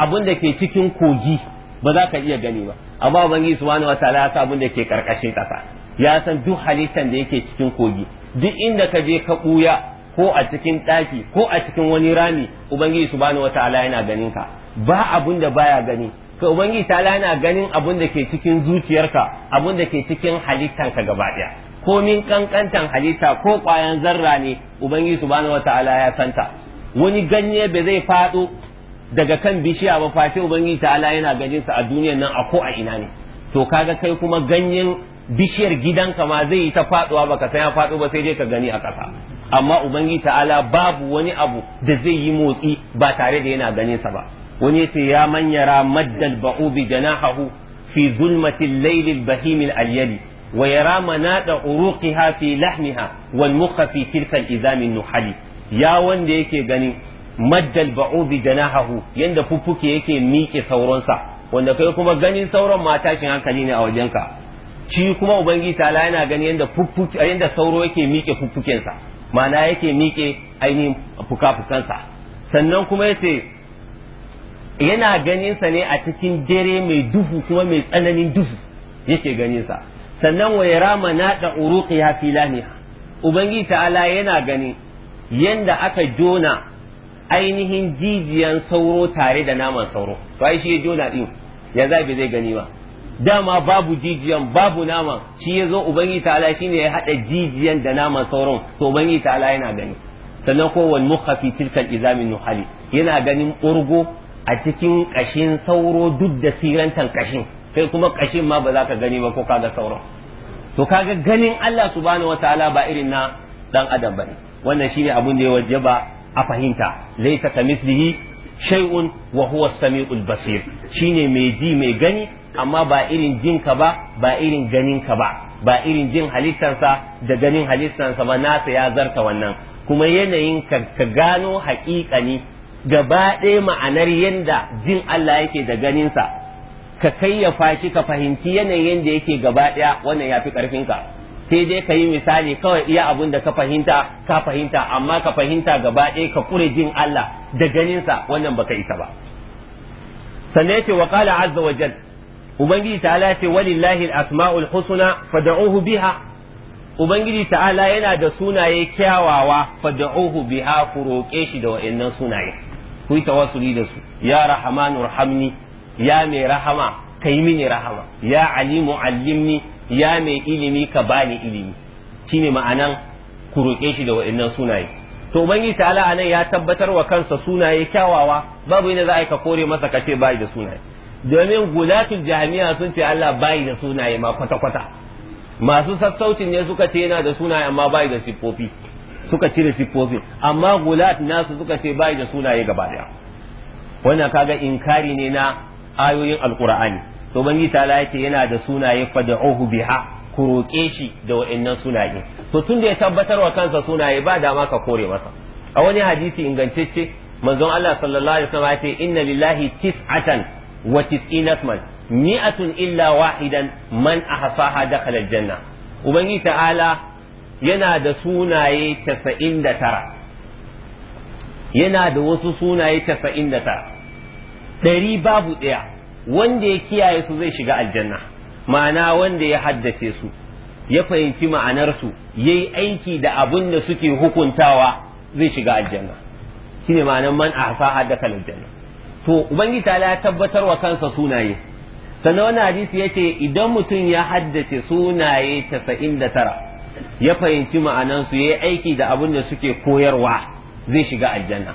abin da ke cikin kogi ba za ka iya gani ba amma ubangiji subhanahu wataala ya sa abin da ke ƙarƙashin ƙasa ya san duk halittan da yake cikin kogi duk inda ka je ka ɓuya ko a cikin ɗaki ko a cikin wani rami ubangiji subhanahu wataala yana ganin ka ba abin da baya gani ka ubangiji ta yana ganin abin da ke cikin zuciyarka abin da ke cikin halittanka gaba ɗaya komin kankantan halitta ko kwayan zarra ne ubangi subhanahu wataala ya santa wani ganye ba zai fado daga kan bishiya ba face ubangi ta'ala yana ganin sa a duniyar nan a ko a ina ne to kaga kai kuma ganyen bishiyar gidanka ma zai yi ta faduwa baka san ya fado ba sai dai ka gani a ƙasa amma ubangi ta'ala babu wani abu da zai yi motsi ba tare da yana ganin sa ba wani sai ya manyara maddal ba'u bi janahahu fi zulmatil laylil bahimil alyali ويرى مناط عروقها في لحمها والمخ في تلك الإزام النحلي يا وند يكي غني مد البعوض جناحه يند ففوكي يكي ميكي سورنسا wanda kai kuma ganin sauran ma hankali ne a wajenka shi kuma ubangi tala yana gani yanda fuffuke yanda sauro yake miƙe fuffukensa ma'ana yake miƙe ainihin fuka-fukansa sannan kuma yace yana ganinsa ne a cikin dare mai duhu kuma mai tsananin duhu yake ganinsa sannan wa na manada uruqiha ha lamiha ubangiji ta'ala yana gani yanda aka jona ainihin jijiyan sauro tare da naman sauro to ai shi jona din ya zai zai gani ba dama babu jijiyan babu nama shi ya zo ubangiji ta'ala shine ya haɗa jijiyan da naman sauron to ubangiji ta'ala yana gani sannan ko wal mukha fi izamin nuhali yana ganin urgo a cikin kashin sauro duk da sirantan kashin kai kuma kashin ma ba za ka gani ba ko kaga sauran to kaga ganin Allah subhanahu wataala ba irin na dan adam bane wannan shine abun da ya wajaba a fahimta laysa kamithlihi shay'un wa huwa as-sami'ul basir shine mai ji mai gani amma ba irin jinka ba ba irin ganinka ba ba irin jin halittarsa da ganin halittarsa ba nasa ya zarta wannan kuma yanayin ka gano haƙiƙani gaba ɗaya ma'anar yadda jin Allah yake da ganinsa ka kayyafa shi ka fahimci yanayin da yake gaba ɗaya wannan ya fi ƙarfinka sai dai ka yi misali kawai iya abun da ka fahimta ka fahimta amma ka fahimta gaba ɗaya ka kure jin Allah da ganinsa wannan baka isa ba sannan yace wa qala azza wa jal ubangiji ta'ala ce walillahi al-asma'ul husna fad'uhu biha ubangiji ta'ala yana da sunaye kyawawa fad'uhu biha ku roƙe shi da wa'annan sunaye ku yi tawassuli da su ya rahmanur rahamni ya mai rahama ka yi mini rahama ya alimu alimni ya mai ilimi ka bani ilimi shine ma'anan ku roƙe shi da waɗannan sunaye to ubangi ta'ala anan ya tabbatar wa kansa sunaye kyawawa babu inda za a yi ka kore masa ka ce bai da sunaye domin gulatul jami'a sun ce Allah bai da sunaye ma kwata kwata masu sassaucin ne suka ce yana da sunaye amma bai da siffofi suka cire siffofin amma gulat nasu suka ce bai da sunaye gaba daya wannan kaga inkari ne na ayoyin alkur'ani to bangi ta yace yana da sunaye fad'uhu biha ku roƙe shi da wa'annan sunaye to tun da ya tabbatar wa kansa sunaye ba dama ka kore masa a wani hadisi ingantacce manzon Allah sallallahu alaihi wasallam ya ce inna lillahi tis'atan wa tis'ina asman mi'atun illa wahidan man ahsaha dakhala aljanna Ubangi ta'ala yana da sunaye 99 yana da wasu sunaye 99 ɗari babu ɗaya wanda ya kiyaye su zai shiga aljanna ma'ana wanda ya haddace su ya fahimci ma'anarsu ya yi aiki da abin da suke hukuntawa zai shiga aljanna shine ma'anar man a hasa haddaka aljanna to ubangiji ta tabbatar wa kansa sunaye sannan wani hadisi yace idan mutum ya haddace sunaye casa'in da tara ya fahimci ma'anansu ya yi aiki da abin da suke koyarwa zai shiga aljanna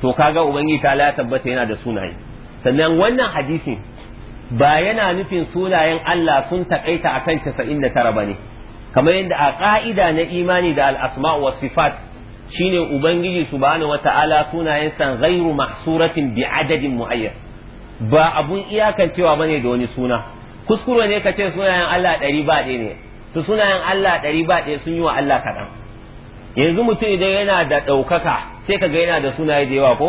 to kaga ubangiji ta tabbata yana da sunaye sannan wannan hadisin ba yana nufin sunayen Allah sun takaita akan 99 bane kamar yadda a ka'ida na imani da al-asma wa sifat shine ubangiji subhanahu wata'ala sunayen san ghairu mahsuratin bi adadin muayyan ba abun iyakancewa bane da wani suna kuskure ne kace sunayen Allah ɗari ba ɗaya ne to sunayen Allah ɗari ba ɗaya sun yi wa Allah kaɗan yanzu mutum idan yana da ɗaukaka sai ka kaga yana da sunaye da yawa ko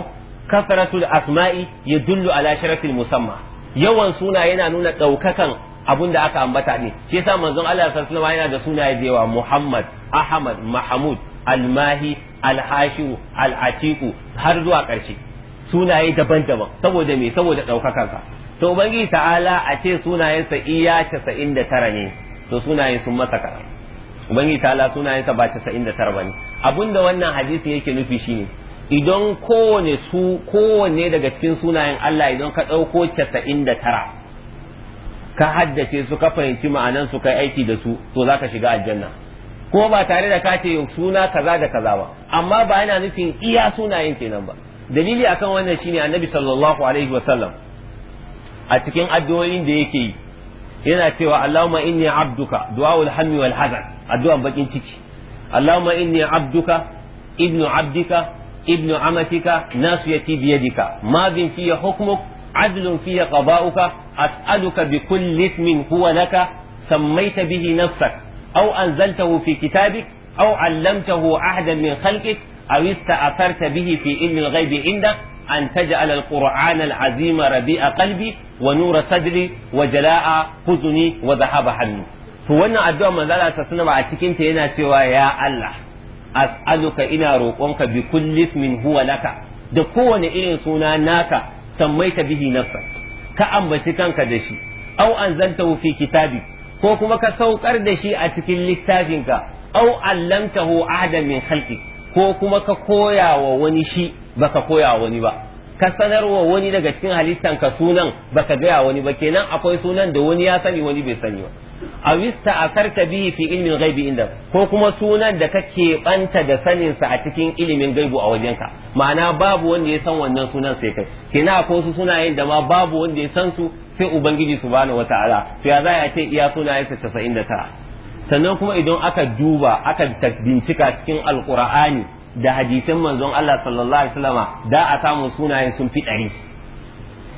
kasratul asma'i ya yadullu ala sharafin musamma yawan suna yana nuna ɗaukakan abun da aka ambata ne shi yasa manzon Allah sallallahu alaihi yana da sunaye da yawa Muhammad Ahmad Mahmud Almahi Alhashiu Alatiku har zuwa ƙarshe sunaye daban-daban saboda me saboda ɗaukakanka to ubangiji ta'ala a ce sunayen sa iya casa'in da tara ne to sunayen sun masa kaɗan ubangiji ta'ala sa ba casa'in da tara ba ne abinda wannan hadisi yake nufi shine idan kowane su kowanne daga cikin sunayen Allah idan ka ɗauko casa'in da tara ka haddace su ka fahimci ma'anan su kai aiki da su to za ka shiga aljanna kuma ba tare da ka ce suna kaza da kaza ba amma ba yana nufin iya sunayen kenan ba dalili akan wannan shine annabi sallallahu alaihi wa sallam a cikin addu'o'in da yake yi yana cewa Allahumma inni abduka du'aul hammi wal hazan addu'an bakin ciki Allahumma inni abduka ibnu abdika ابن عمتك ناصيتي بيدك ماض في حكمك عدل في قضاؤك أسألك بكل اسم هو لك سميت به نفسك أو أنزلته في كتابك أو علمته أحدا من خلقك أو استأثرت به في علم الغيب عندك أن تجعل القرآن العظيم ربيع قلبي ونور صدري وجلاء حزني وذهاب حزني to wannan addu'a manzo Allah sallallahu alaihi wasallam a cikin ta yana cewa ya Allah as'aluka ina roƙonka bi kulli ismin huwa laka da kowane irin suna naka sammaita bihi nafsa ka ambaci kanka da shi au anzalta fi kitabi ko kuma ka saukar da shi a cikin littafinka au allamtahu ahadan min khalqi ko kuma ka koya wa wani shi baka koya wa wani ba ka sanarwa wani daga cikin halittanka sunan baka gaya wani ba kenan akwai sunan da wani ya sani wani bai sani ba a wista a karka bihi fi ilmin gaibi inda ko kuma sunan da ka keɓanta da saninsa a cikin ilimin gaibu a wajenka ma'ana babu wanda ya san wannan sunan sai kai kina ko su sunayen da ma babu wanda ya san su sai ubangiji su subhanahu wataala to ya za a ce iya da tara sannan kuma idan aka duba aka bincika cikin alqur'ani da hadisan manzon Allah sallallahu alaihi wasallama da a samu sunayen sun fi ɗari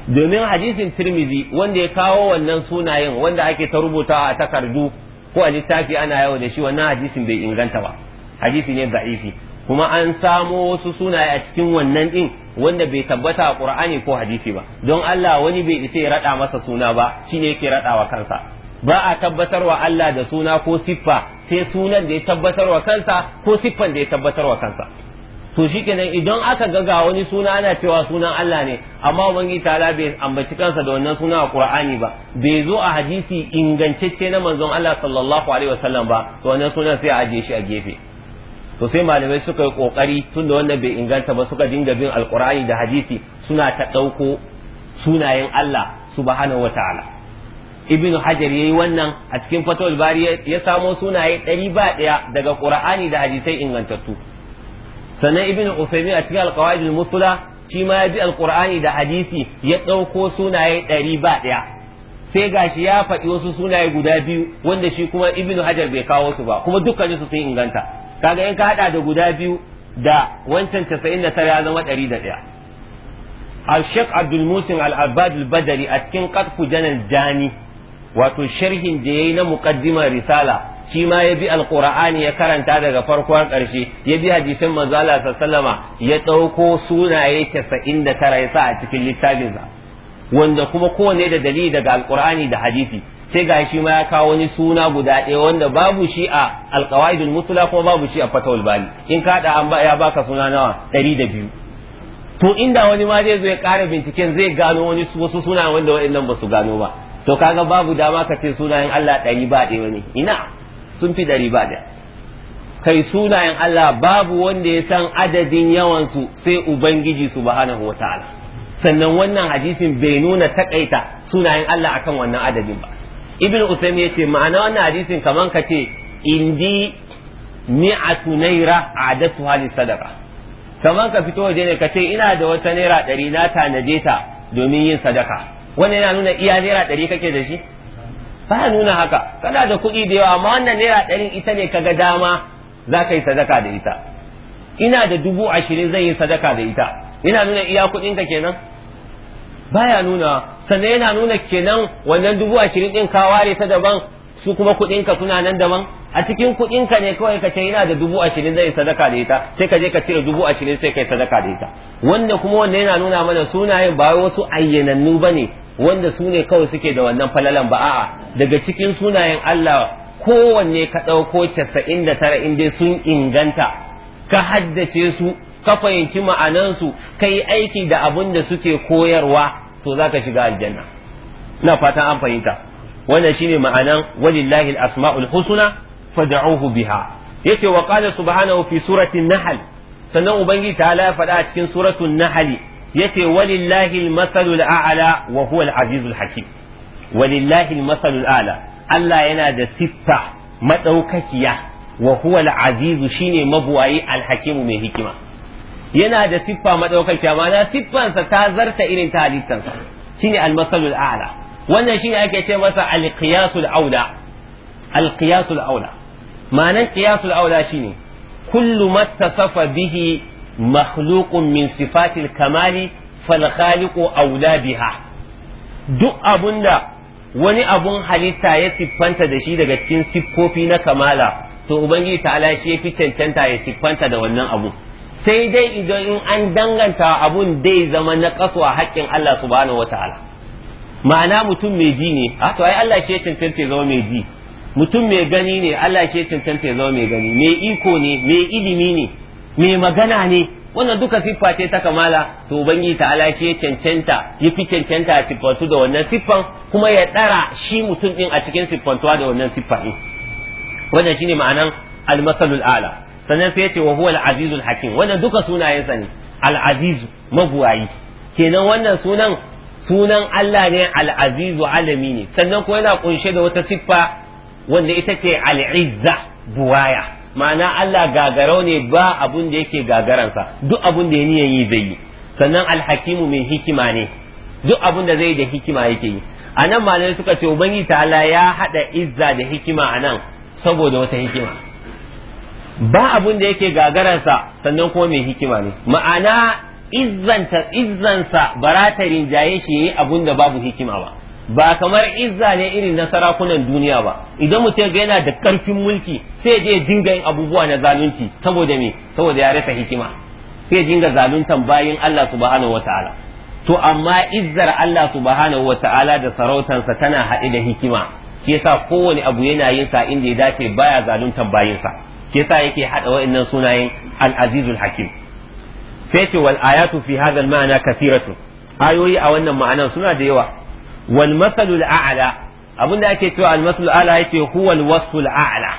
domin hadisin tirmizi wanda ya kawo wannan sunayen wanda ake ta rubutawa a takardu ko a littafi ana yawo da shi wannan hadisin bai inganta ba hadisi ne za'ifi kuma an samo wasu sunaye a cikin wannan din wanda bai tabbata a qur'ani ko hadisi ba don Allah wani bai isa ya rada masa suna ba shine yake radawa kansa ba a tabbatarwa Allah da suna ko siffa sai sunan da ya tabbatarwa kansa ko siffan da ya tabbatarwa kansa to shikenan idan aka ga ga wani suna ana cewa sunan Allah ne amma wani tala bai ambaci kansa da wannan suna a Qur'ani ba bai zo a hadisi ingantacce na manzon Allah sallallahu alaihi wasallam ba to wannan sunan sai a aje shi a gefe to sai malamai suka yi kokari da wannan bai inganta ba suka dinga bin alqur'ani da hadisi suna ta dauko sunayen Allah subhanahu wataala ibn hajar yayi wannan a cikin fatawul bari ya samo sunaye ɗari ba ɗaya daga qur'ani da hadisai ingantattu sannan ibn usaymin a cikin alqawaid al-musla shi ma ya ji alqur'ani da hadisi ya ɗauko sunaye ɗari ba ɗaya sai gashi ya faɗi wasu sunaye guda biyu wanda shi kuma ibn hajar bai kawo su ba kuma dukkaninsu sun inganta kaga in ka hada da guda biyu da wancan 99 ya zama 101 الشيخ عبد الموسم العباد البدري أتكن قد جن الجاني wato sharhin da yayi na muqaddimar risala shi ma ya bi alqur'ani ya karanta daga farkon karshe ya bi hadisin manzo Allah sallama ya dauko sunaye 99 ya sa a cikin littafinsa wanda kuma kowane da dalili daga alqur'ani da hadisi sai ga shi ma ya kawo wani suna guda ɗaya wanda babu shi a alqawaidul musla kuma babu shi a fatawul bali in ka da an ba ya baka suna nawa ɗari da biyu to inda wani ma zai zo ya ƙara binciken zai gano wani wasu suna wanda waɗannan ba su gano ba to kaga babu dama ka ce sunayen Allah ɗari ba ɗaya ne ina sun fi ɗari ba ɗaya kai sunayen Allah babu wanda ya san adadin yawansu sai Ubangiji subhanahu wa ta'ala sannan wannan hadisin bai nuna takaita sunayen Allah akan wannan adadin ba ibn Usaim ya ce ma'ana wannan hadisin kamar ka ce indi mi'atu naira adatu hali sadaka kaman ka fito waje ne ka ce ina da wata naira ɗari na tanaje ta domin yin sadaka wanda yana nuna iya naira ɗari kake da shi ba nuna haka kana da kuɗi da yawa amma wannan naira ɗari ita ne kaga dama za ka yi sadaka da ita ina da dubu ashirin zan yi sadaka da ita yana nuna iya kuɗinka kenan baya nuna sannan yana nuna kenan wannan dubu ashirin ɗin ka ware ta daban su kuma kuɗinka suna nan daban a cikin kuɗinka ne kawai ka ce ina da dubu ashirin zai sadaka da ita sai ka je ka cire dubu ashirin sai kai sadaka da ita wanda kuma wanda yana nuna mana sunayen ba wasu ayyanannu ba ne wanda su ne kawai suke da wannan falalan ba a'a daga cikin sunayen Allah kowanne ka ɗauko casa'in da tara in dai sun inganta ka haddace su ka fahimci ma'anansu ka yi aiki da abin da suke koyarwa to za ka shiga aljanna na fatan an fahimta wannan shine ma'anan walillahi al-asma'ul husna fad'uhu biha yace wa qala subhanahu fi surati nahl sannan ubangiji ta ya faɗa a cikin suratul nahl yace walillahi masalul a'la wa huwa alazizul hakim walillahi almasalul a'la Allah yana da siffa madaukakiya wa huwa alazizu shine mabuwayi alhakimu mai hikima yana da siffa madaukakiya ma'ana siffansa ta zarta irin ta halittansa shine almasalul a'la wannan shine ake ce masa alqiyasul aula alqiyasul aula ma'anan qiyasul aula shine kullu mattasafa bihi makhluqun min sifatil kamali fal khaliqu aula biha duk abunda wani abun halitta ya siffanta da shi daga cikin siffofi na kamala to ubangiji ta'ala shi yafi cancanta ya siffanta da wannan abu sai dai idan in an danganta abun dai zama na kaso a haƙƙin Allah subhanahu wataala ma'ana mutum mai ji ne a ah, to ai Allah shi ya cancanta ya zama mai ji mutum mai gani ne Allah shi ya cancanta ya zama mai gani mai iko ne mai ilimi ne mai magana ne wannan duka siffa ce ta kamala to ubangiji ta'ala shi ya cancanta ya fi cancanta a siffantu da wannan siffan kuma ya ɗara shi mutum ɗin a cikin siffantuwa da wannan siffa ɗin wannan shine ma'anan almasalul ala sannan sai ce wa huwa hakim wannan duka sunayensa ne al'azizu mabuwayi kenan wannan sunan sunan Allah ne al'azizu alami ne sannan kuma yana kunshe da wata siffa wanda ita ce al'izza buwaya ma'ana Allah gagarau ne ba abun da yake gagaransa duk abun da ya niyan yi zai yi sannan alhakimu mai hikima ne duk abun da zai da hikima yake yi a nan malamai suka ce ta Allah ya hada izza da hikima a nan saboda wata hikima ba abun da yake gagaransa sannan kuma mai hikima ne ma'ana izzanta izzansa baratarin jaye shi yayi abun da babu hikima ba ba kamar izza ne irin na sarakunan duniya ba idan mutum ga yana da karfin mulki sai je dinga yin abubuwa na zalunci saboda me saboda ya rasa hikima sai dinga zaluntan bayin Allah subhanahu wataala to amma izzar Allah subhanahu wataala da sarautarsa tana haɗe da hikima shi yasa kowane abu yana yin sa inda ya dace baya zaluntan bayinsa shi yasa yake haɗa wa'annan sunayen al-azizul hakim sai ce wal ayatu fi hadha al-ma'na kathiratu ayoyi a wannan ma'anan suna da yawa wal masalul abin da ake cewa almasul a'la yace huwal wasful a'la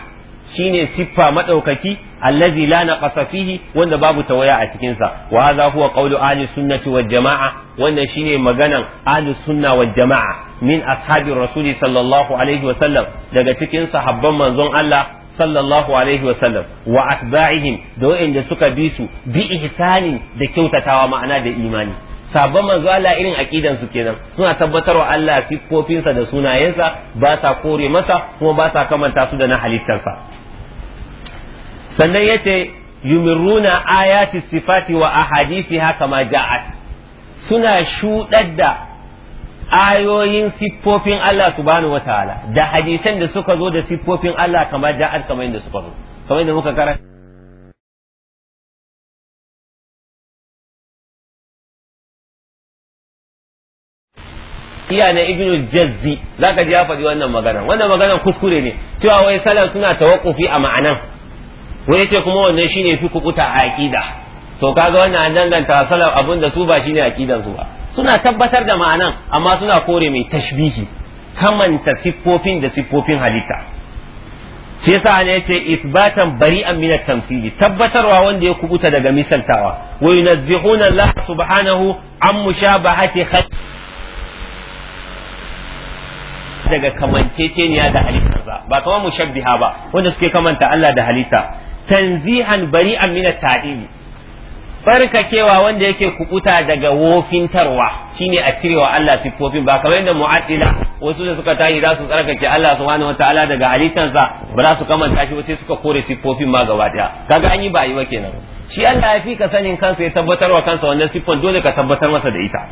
shine siffa madaukaki allazi la naqasa fihi wanda babu tawaya a cikin sa wa hadha huwa qawlu ahli sunnati wal jamaa wannan shine maganan ahli sunna wal jamaa min ashabi rasuli sallallahu alaihi wa sallam daga cikin sahabban manzon Allah sallallahu alaihi wa sallam wa atba'ihim da wanda suka bi su bi ihsani da kyautatawa ma'ana da imani sabon manzo Allah irin aqidan su kenan suna tabbatarwa Allah siffofinsa da sunayensa ba sa kore masa kuma ba sa kamanta su da na halittarsa sannan yace yumiruna ayati sifati wa haka ma ja'at suna shudar da ayoyin siffofin Allah subhanahu wataala da hadisan da suka zo da siffofin Allah kama ja'at kamar yadda suka zo kamar yadda muka karanta iya na ibnu jazzi zaka ji ya faɗi wannan magana wannan magana kuskure ne cewa wai salaf suna tawakkufi a ma'anan wai yace kuma wannan shine fi kukuta a aqida to kaga wannan an danganta salaf abin da su ba shine aqidan su ba suna tabbatar da ma'anan amma suna kore mai tashbihi kamanta siffofin da siffofin halitta shi yasa ne yace isbatan bari'an min at-tamthili tabbatarwa wanda ya kubuta daga misaltawa wa yunazzihuna Allah subhanahu an mushabahati khalqi daga kamanceceniya da halittarsa ba kama mushabbiha ba wanda suke kamanta Allah da halitta tanzihan bari amina at-ta'imi barkakewa wanda yake kukuta daga wofintarwa shine a cirewa Allah siffofin ba kamar yadda mu'addila wasu da suka tashi za su tsarkake Allah subhanahu wataala daga halittansa ba za su kamanta shi ba sai suka kore siffofin ma gaba daya kaga an yi ba yi ba kenan shi Allah ya fi ka sanin kansa ya tabbatar wa kansa wannan siffan dole ka tabbatar masa da ita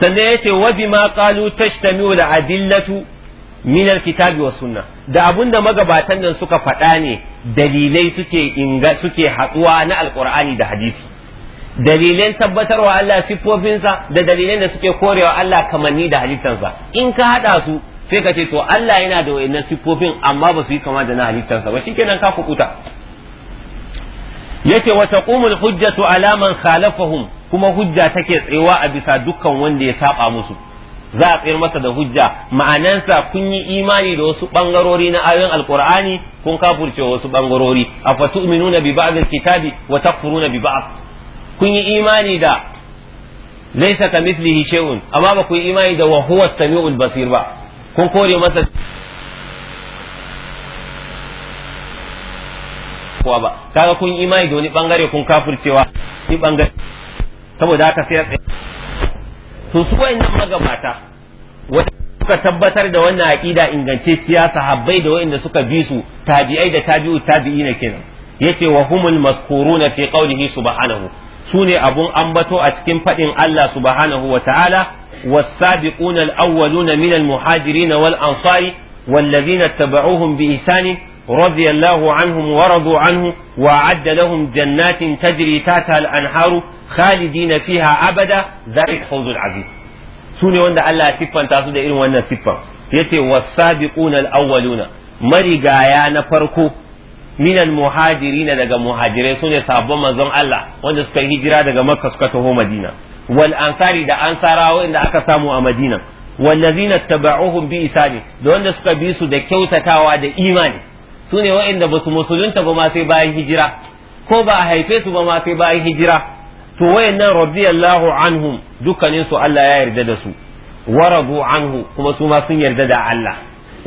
sannan ya ce ma bima qalu tashtamiu la adillatu min alkitabi wa sunna da abun da magabatan nan suka faɗa ne dalilai suke inga suke haɗuwa na alqur'ani da hadisi dalilan tabbatarwa Allah sifofinsa da dalilan da suke korewa Allah kamanni da halittarsa in ka haɗa su sai ka ce to Allah yana da wayannan sifofin amma ba su yi kama da na halittarsa ba shikenan ka kuta yace wata ƙumul hujjatu ala alaman khalafahum kuma hujja take tsayuwa a bisa dukkan wanda ya saba musu za a tsayar masa da hujja ma'anansa kun yi imani da wasu bangarori na ayoyin alkur'ani kun kafurce wasu bangarori afatu'minuna bi ba'd alkitabi wa na bi ba'd kun yi imani da laysa kamithlihi shay'un amma ba ku yi imani da wa huwa samiul basir ba kun kore masa kowa ba kaga kun imani da wani bangare kun kafircewa ni bangare saboda haka sai tsaye to su wayannan magabata wanda suka tabbatar da wannan aqida siyasa sahabbai da wayanda suka bi su tabi'ai da tabi'u na kenan yace wa humul maskuruna fi qawlihi subhanahu sune abun ambato a cikin fadin Allah subhanahu wa ta'ala والسابقون الأولون من المهاجرين والأنصار والذين اتبعوهم بإحسان رضي الله عنهم ورضوا عنه وأعد لهم جنات تجري تحتها الأنهار خالدين فيها أبدا ذلك فوز العظيم سوني وندا الله سفن تاسو ده إلو وانا سفن يتي والسابقون الأولون مرقايا نفركو من المهاجرين دقا مهاجرين سوني صحابة مزون الله وانا سكا هجرا دقا مكة سكته مدينة والأنصار دا أنصارا وإن دا أكسامو مدينة والذين اتبعوهم بإسان دون سكا بيسو دا كيوتتاوا دا إيماني su ne wa'inda ba su musulunta ba ma sai bayan hijira ko ba a haife su ba ma sai bayan hijira to wayannan radiyallahu anhum dukkanin su Allah ya yarda da su wa anhu kuma su ma sun yarda da Allah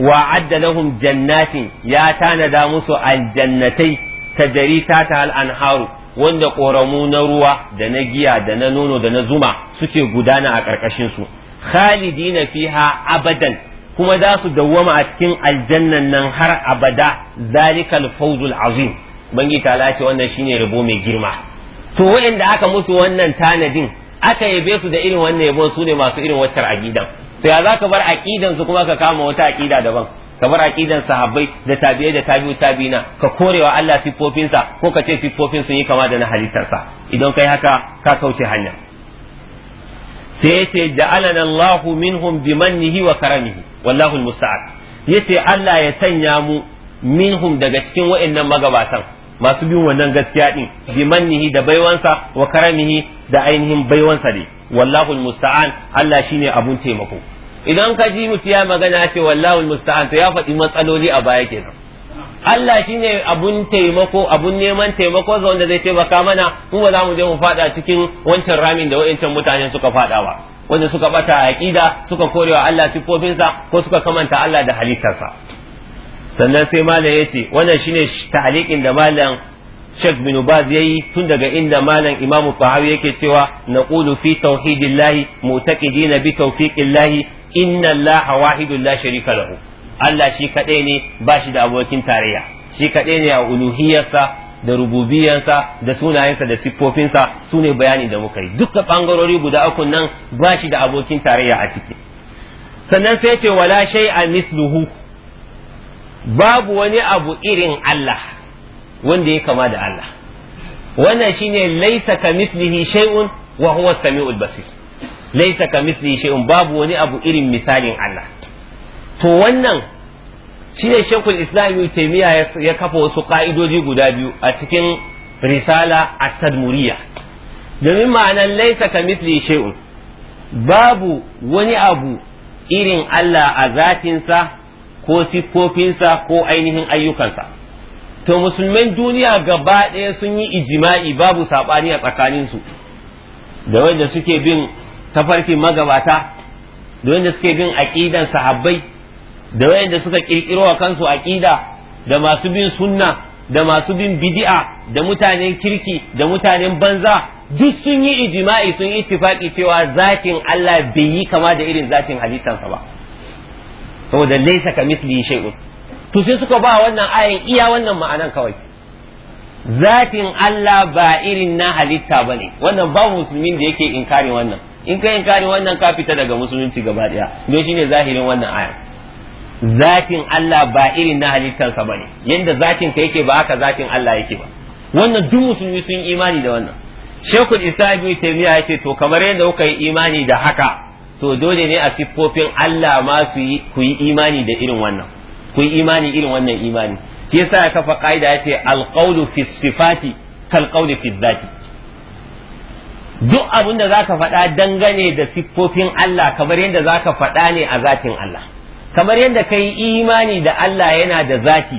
wa adda lahum jannatin ya tanada musu aljannatai tajri ta ta al-anharu wanda koramu na ruwa da na giya da na nono da na zuma suke gudana a karkashin su khalidina fiha abadan kuma za su dawwama a cikin aljannan nan har abada zalikal fawzul azim bangi ta ce wannan shine rabo mai girma to waɗanda aka musu wannan tanadin aka yabe su da irin wannan yabo su ne masu irin waccar aqidan to ya zaka bar aqidan su kuma ka kama wata aqida daban ka bar aqidan sahabbai da tabi'ai da tabi'u tabi'ina ka korewa Allah sifofinsa ko ka ce sifofin sun yi kama da na halittarsa idan kai haka ka kauce hanya sai yace ja'alana Allahu minhum bimannihi wa karamihi wallahu almusta'an yace Allah ya sanya mu minhum daga cikin wa'annan magabatan masu bin wannan gaskiya din bimannihi da baiwansa wa karamihi da ainihin baiwansa ne wallahu almusta'an Allah shine abun taimako idan ka ji mutu ya magana ce wallahu almusta'an to ya faɗi matsaloli a baya kenan Allah shi ne abun taimako abun neman taimako ga wanda zai taimaka mana mu ba za mu je mu fada cikin wancan ramin da wa'ancan mutanen suka fada ba wanda suka bata aqida suka korewa Allah sifofinsa ko suka kamanta Allah da halittarsa sannan sai malam yace wannan shine ta'liqin da malam Sheikh bin Baz yayi tun daga inda malam Imam Tahawi yake cewa naqulu fi tauhidillahi mu'taqidina bi tawfiqillahi inna Allah wahidun la sharika lahu Allah shi kaɗai ne ba shi da abokin tarayya shi kaɗai ne a uluhiyarsa da rububiyansa da sunayensa da siffofinsa su ne bayani da muka yi duka bangarori guda uku nan ba shi da abokin tarayya a ciki sannan sai ce wala shay a misluhu babu wani abu irin Allah wanda ya kama da Allah wannan shine laisa ka mislihi shay'un wa huwa samiul basir laisa ka mislihi shay'un babu wani abu irin misalin Allah to wannan shi ne shekul islami taimiya ya kafa wasu ka'idoji guda biyu a cikin risala a tadmuriya domin ma'anan laisa ka mitli babu wani abu irin Allah a zatinsa ko siffofinsa ko ainihin ayyukansa to musulman duniya gaba ɗaya sun yi ijima'i babu saɓani a tsakaninsu da wanda suke bin tafarkin magabata da wanda suke bin aƙidan sahabbai da wayanda suka kirkiro wa kansu aqida da masu bin sunna da masu bin bid'a da mutanen kirki da mutanen banza duk sun yi ijma'i sun yi ittifaqi cewa zatin Allah bai yi kama da irin zatin halittansa ba saboda laysa mithli shay'un to sai suka ba wannan ayin iya wannan ma'anan kawai zatin Allah ba irin na halitta bane. wannan babu musulmin da yake inkarin wannan in ka inkari wannan ka fita daga musulunci gaba daya don shine zahirin wannan ayan zatin Allah ba irin na halittarsa ba ne, yadda zatin ka yake ba haka zatin Allah yake ba wannan duk musulmi sun yi imani da wannan Shekul Isa ibn Taymiyyah yace to kamar yadda kuka yi imani da haka to dole ne a siffofin Allah ma su yi ku yi imani da irin wannan ku yi imani irin wannan imani shi yasa ya kafa kaida yace alqawlu fi sifati kal qawli fi dhati duk abin da zaka faɗa dangane da siffofin Allah kamar yadda zaka faɗa ne a zatin Allah kamar yadda ka yi imani da Allah yana da zati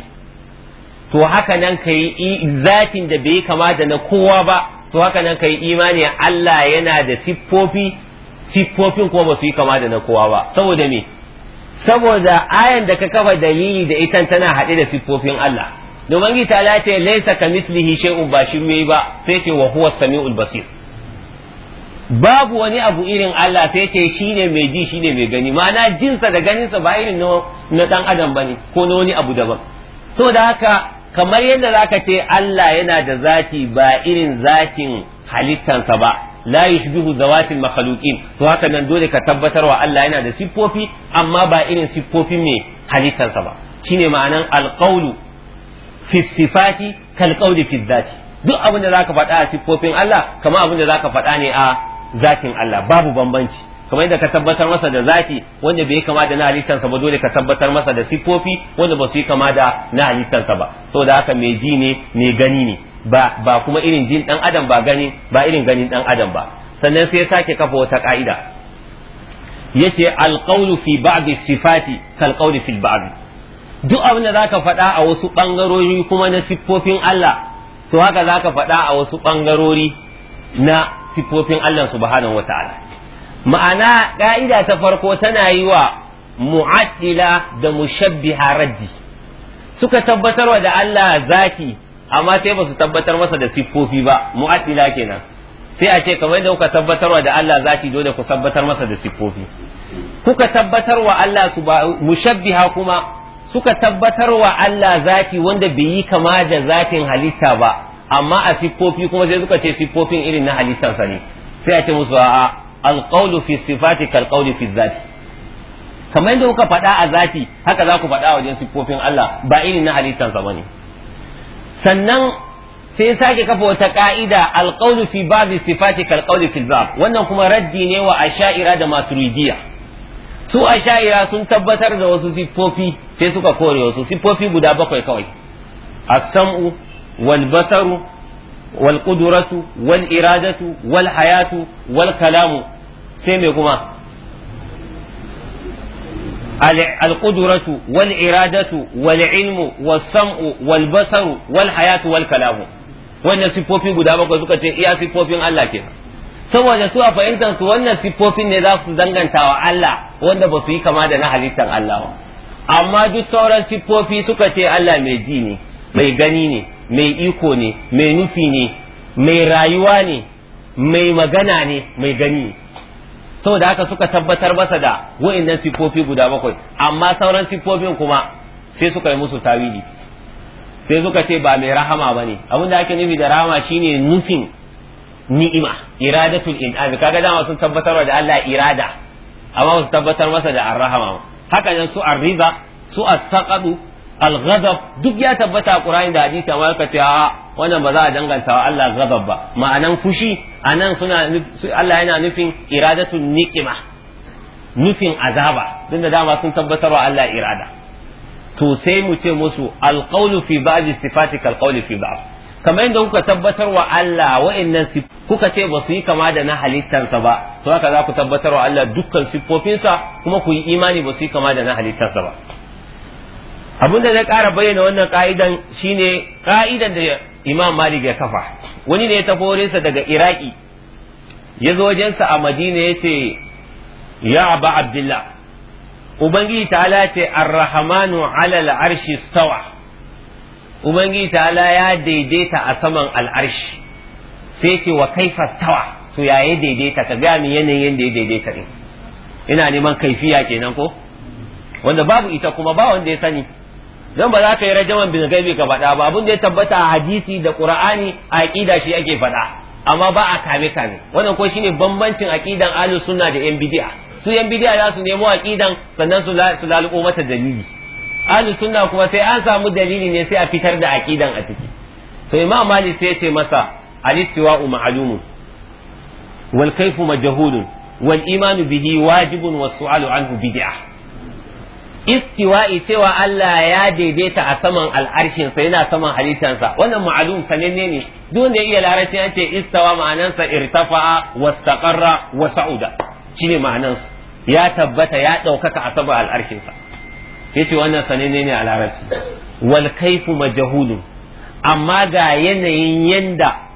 to haka nan ka yi zatin da bai kama da na kowa ba to haka nan ka yi imani Allah yana da siffofi siffofin kuma ba su yi kama da na kowa ba saboda me saboda ayan da ka kafa dalili da itan tana haɗe da siffofin Allah domin gita ta ce laisa ka mislihi shay'un ba shi ba sai ce wa huwa samiul basir babu wani abu irin Allah sai ce shi ne mai ji shi ne mai gani ma'ana jinsa da ganinsa ba irin na ɗan adam ba ne ko na wani abu daban so da haka kamar yadda za ka ce Allah yana da zati ba irin zatin halittansa ba la yushbihu zawatil makhluqin to haka nan dole ka tabbatar wa Allah yana da siffofi amma ba irin siffofin mai halittansa ba shine ma'anan alqawlu fi sifati kal qawli fi duk abin da zaka faɗa a siffofin Allah kamar abin da ka faɗa ne a Zakin Allah babu bambanci kamar yadda ka tabbatar masa da zaki wanda bai kama da na halittarsa ba dole ka tabbatar masa da siffofi wanda ba su yi kama da na halittarsa ba saboda haka mai ji ne mai gani ne ba ba kuma irin jin dan adam ba gani ba irin ganin dan adam ba sannan sai ya sake kafa wata ka'ida yace alqawlu fi ba'd sifati qawli fil ba'd duk abin da zaka faɗa a wasu bangarori kuma na siffofin Allah to haka zaka faɗa a wasu bangarori na siffofin Allah subhanahu wata'ala ma'ana ka'ida ta farko tana yi wa mu'attila da mushabbiha raddi suka tabbatarwa da Allah zaki amma sai ba su tabbatar masa da siffofi ba mu'attila kenan sai a ce kamar yadda kuka tabbatarwa da Allah zaki dole ku tabbatar masa da siffofi kuka tabbatarwa Allah su ba mushabbiha kuma suka tabbatarwa Allah zaki wanda bai yi kama da zatin halitta ba amma a siffofi kuma sai suka ce Sifofin irin na halittar Sani sai a ce musu a alqawlu fi sifati kalqawli fi zati kamar yadda kuka faɗa a zati haka za ku faɗa wajen siffofin Allah ba irin na halittar ba ne sannan sai sake kafa wata ka'ida alqawlu fi ba'dhi sifati kalqawli fi wannan kuma raddi ne wa asha'ira da maturidiyya su asha'ira sun tabbatar da wasu siffofi sai suka kore wasu siffofi guda bakwai kawai as-sam'u wal basaru wal qudratu wal iradatu wal hayatu wal kalamu sai me kuma القدرة والإرادة والعلم والسمع والبصر والحياة والكلام wannan siffofi guda bakwai suka ce iya siffofin Allah ke saboda su a fahimtar su wannan siffofin ne za su danganta wa Allah wanda ba su yi kama da na halittar Allah ba amma duk sauran siffofi suka ce Allah mai ji ne mai gani ne mai iko ne mai nufi ne mai rayuwa ne mai magana ne mai gani da haka suka tabbatar masa da wa'annan sifofi guda bakwai amma sauran sifofin kuma sai suka yi musu tawili sai suka ce ba mai rahama ba ne abin da ake nufi da rahama shine nufin ni'ima iradatul in'ami kaga dama sun tabbatar da Allah irada amma su tabbatar masa da arrahama haka nan su arriba su as-saqadu al duk ya tabbata Qur'ani da hadisi amma ka ce a wannan ba za a danganta wa Allah ghadab ba ma'anan fushi anan suna Allah yana nufin iradatu niqima nufin azaba da dama sun tabbatar wa Allah irada to sai mu ce musu al fi ba'd sifati kal fi ba'd kamar yadda kuka tabbatar wa Allah wa'annan kuka ce ba su yi kama da na halittarsa ba to haka za ku tabbatar wa Allah dukkan siffofinsa kuma ku yi imani ba su yi kama da na halittarsa ba abinda na ƙara bayyana wannan ka'idan shine ka'idan da imam malik ya kafa wani ne ya tafi sa daga iraki ya zo wajensa a madina ya ya aba abdullah ubangiji ta'ala ce arrahmanu ala arshi stawa ubangiji ta'ala ya daidaita a saman al'arshi sai ce wa kaifa stawa to ya ya daidaita ka gaya min yanayin da ya daidaita din ina neman kaifiya kenan ko wanda babu ita kuma ba wanda ya sani dan ba za ka yi rajaman bin gaibi ka faɗa ba abin da ya tabbata a hadisi da qur'ani a aqida shi ake faɗa amma ba a kame kame wannan ko shine bambancin aqidan ahlus sunna da yan bid'a su yan bid'a za su nemo aqidan sannan su su mata dalili ahlus sunna kuma sai an samu dalili ne sai a fitar da aqidan a ciki to imam malik sai ya ce masa al-istiwa'u ma'lumun wal kayfu majhulun wal imanu bihi wajibun was su'alu anhu bid'ah istiwa'i cewa Allah ya daidaita a saman al'arshin yana saman halittansa wannan ma'alum sananne ne duk wanda ya iya larabci an ce istawa ma'anansa irtafa'a wastaqarra wa sa'uda shine ma'anansa ya tabbata ya ɗaukaka a saman al'arshinsa yace wannan sananne ne a larabci wal kaifu majhulun amma ga yanayin yanda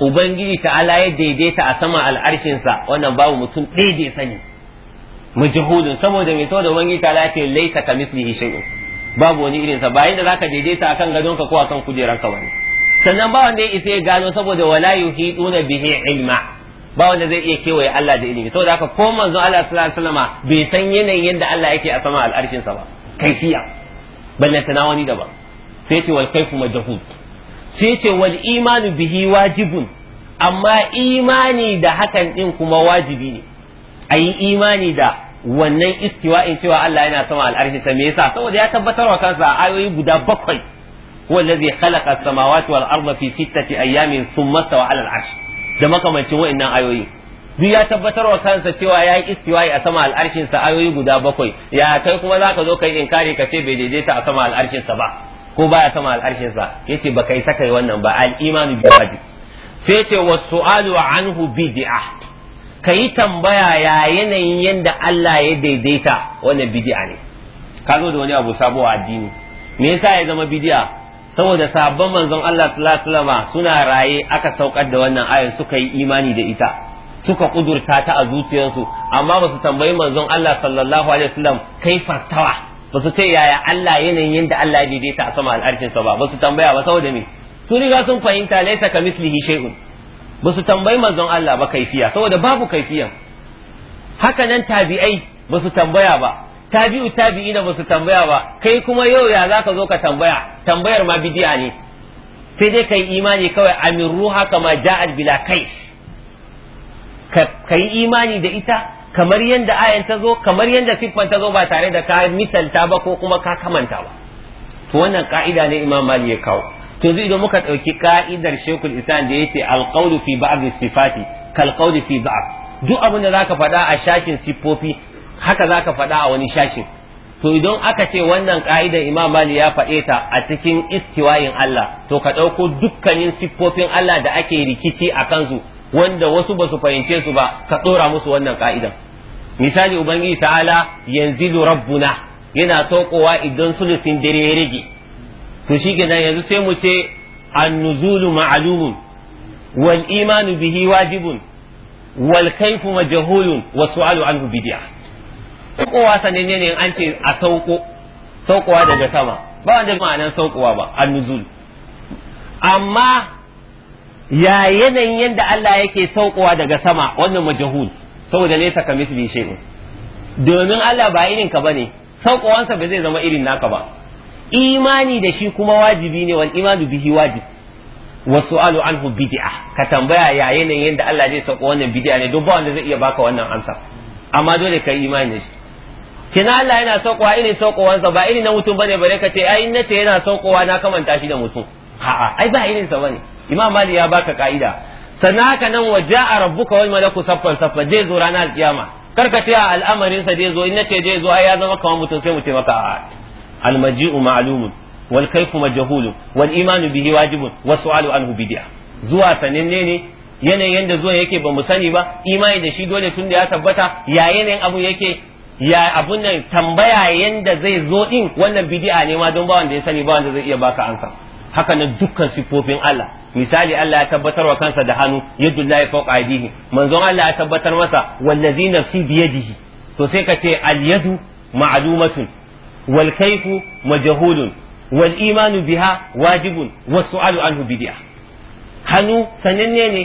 ubangiji ta'ala ya daidaita a saman al'arshinsa wannan babu mutum ɗaya sani majhulun saboda mai saboda wani ta ce laisa ka mislihi shay'un babu wani irin sa bayan da zaka daidaita akan ka ko akan ka wani sannan ba wanda ya isa ya gano saboda wala yuhiduna bihi ilma ba wanda zai iya kewaye Allah da ilimi saboda haka ko manzo Allah sallallahu alaihi wasallama bai san yanayin yadda Allah yake a sama al'arshin sa ba kaifiya balle san wani daban sai ce wal kaifu majhud sai ce wal imanu bihi wajibun amma imani da hakan din kuma wajibi ne a yi imani da wannan istiwa'in cewa Allah yana sama al'arshi sa me yasa saboda ya tabbatar wa kansa a ayoyi guda bakwai huwa zai khalaqa as-samawati wal arda fi sittati ayamin thumma stawa 'ala al da makamancin wa'annan ayoyi duk ya tabbatar wa kansa cewa ya yi istiwa'i a sama al'arshin ayoyi guda bakwai ya kai kuma zaka zo ka yi in kare ka ce bai daidaita a sama al'arshin ba ko baya sama al'arshin sa yace ba kai saka wannan ba al-imanu bi wajib sai ce was su'alu anhu bid'ah ka yi tambaya ya yanayin yadda Allah ya daidaita wannan bidi'a ne ka zo da wani abu sabo addini me yasa ya zama bidi'a saboda sabon manzon Allah sallallahu alaihi suna raye aka saukar da wannan ayar suka yi imani da ita suka kudurta ta a zuciyarsu amma ba su tambayi manzon Allah sallallahu alaihi wasallam kai fartawa ba su ce yaya Allah yanayin yadda Allah ya daidaita a sama al'arshin ba ba su tambaya ba saboda me su riga sun fahimta laisa ka mislihi shay'un ba su tambayi manzon Allah ba kaifiya saboda babu kaifiyan haka nan tabi'ai ba su tambaya ba tabi'u tabi'ina ba su tambaya ba kai kuma yau ya ka zo ka tambaya tambayar ma bidiya ne sai dai kai imani kawai amin ruha kama ja'at bila kai ka yi imani da ita kamar yadda ayan ta zo kamar yadda siffan ta zo ba tare da ka misalta ba ko kuma ka kamanta ba to wannan ka'ida ne imam mali ya kawo to zai idan muka ɗauki ka'idar shekul isan da yake alqawlu fi ba'd sifati kal fi ba'd duk abin da zaka faɗa a shashin siffofi haka zaka faɗa a wani shashin to idan aka ce wannan ka'idar imam mali ya faɗe ta a cikin istiwayin Allah to ka ɗauko dukkanin siffofin Allah da ake rikici a kansu wanda wasu ba su fahimce su ba ka ɗora musu wannan ka'idan misali ubangiji ta'ala yanzilu rabbuna yana saukowa idan sulufin dare ya rage to nan yanzu sai mu ce an-nuzulu ma'alumun. wal imanu bihi wajibun wal kaifu majhulun wa su'alu anhu bid'ah saukowa sanin ne an ce a sauko saukowa daga sama ba wanda nan saukowa ba an-nuzul amma ya yanayin yadda Allah yake saukowa daga sama wannan majahul saboda nesa ka misli shay'un domin Allah ba irin ka bane saukowansa ba zai zama irin naka ba imani da shi kuma wajibi ne wal imanu bihi wajib wa su'alu anhu bid'a ka tambaya ya yanayin yadda Allah zai sako wannan bid'a ne duk ba wanda zai iya baka wannan amsa amma dole kai yi imani da shi kina Allah yana saukowa irin saukowansa ba irin na mutum bane bare ka ce ai ce yana saukowa na kamanta shi da mutum a'a ai ba irin sa bane Imam mali ya baka ka'ida sannan haka nan wa ja'a rabbuka wal malaku saffan saffa zai zo ranar kiyama ka ce a al'amarin sa zai zo in nace zai zo ai ya zama kamar mutum sai mu ce maka a'a almaji'u ma'lumun wal kayfu majhulun wani imanu bihi wajibin wasu su'alu anhu bid'a zuwa sananne ne yanayin yanda zuwa yake ba mu sani ba imani da shi dole tun da ya tabbata ya yanayin abu yake ya abun nan tambaya yanda zai zo din wannan bidi'a ne ma don ba wanda ya sani ba wanda zai iya baka ansa haka nan dukkan sifofin Allah misali Allah ya tabbatar wa kansa da hannu yadullahi fawqa aydihi manzon Allah ya tabbatar masa wallazi nafsi biyadihi to sai ka ce al yadu ma'lumatun wal kayfu majhulun wal imanu biha wajibun wasu su'alu anhu bid'a hannu sananne ne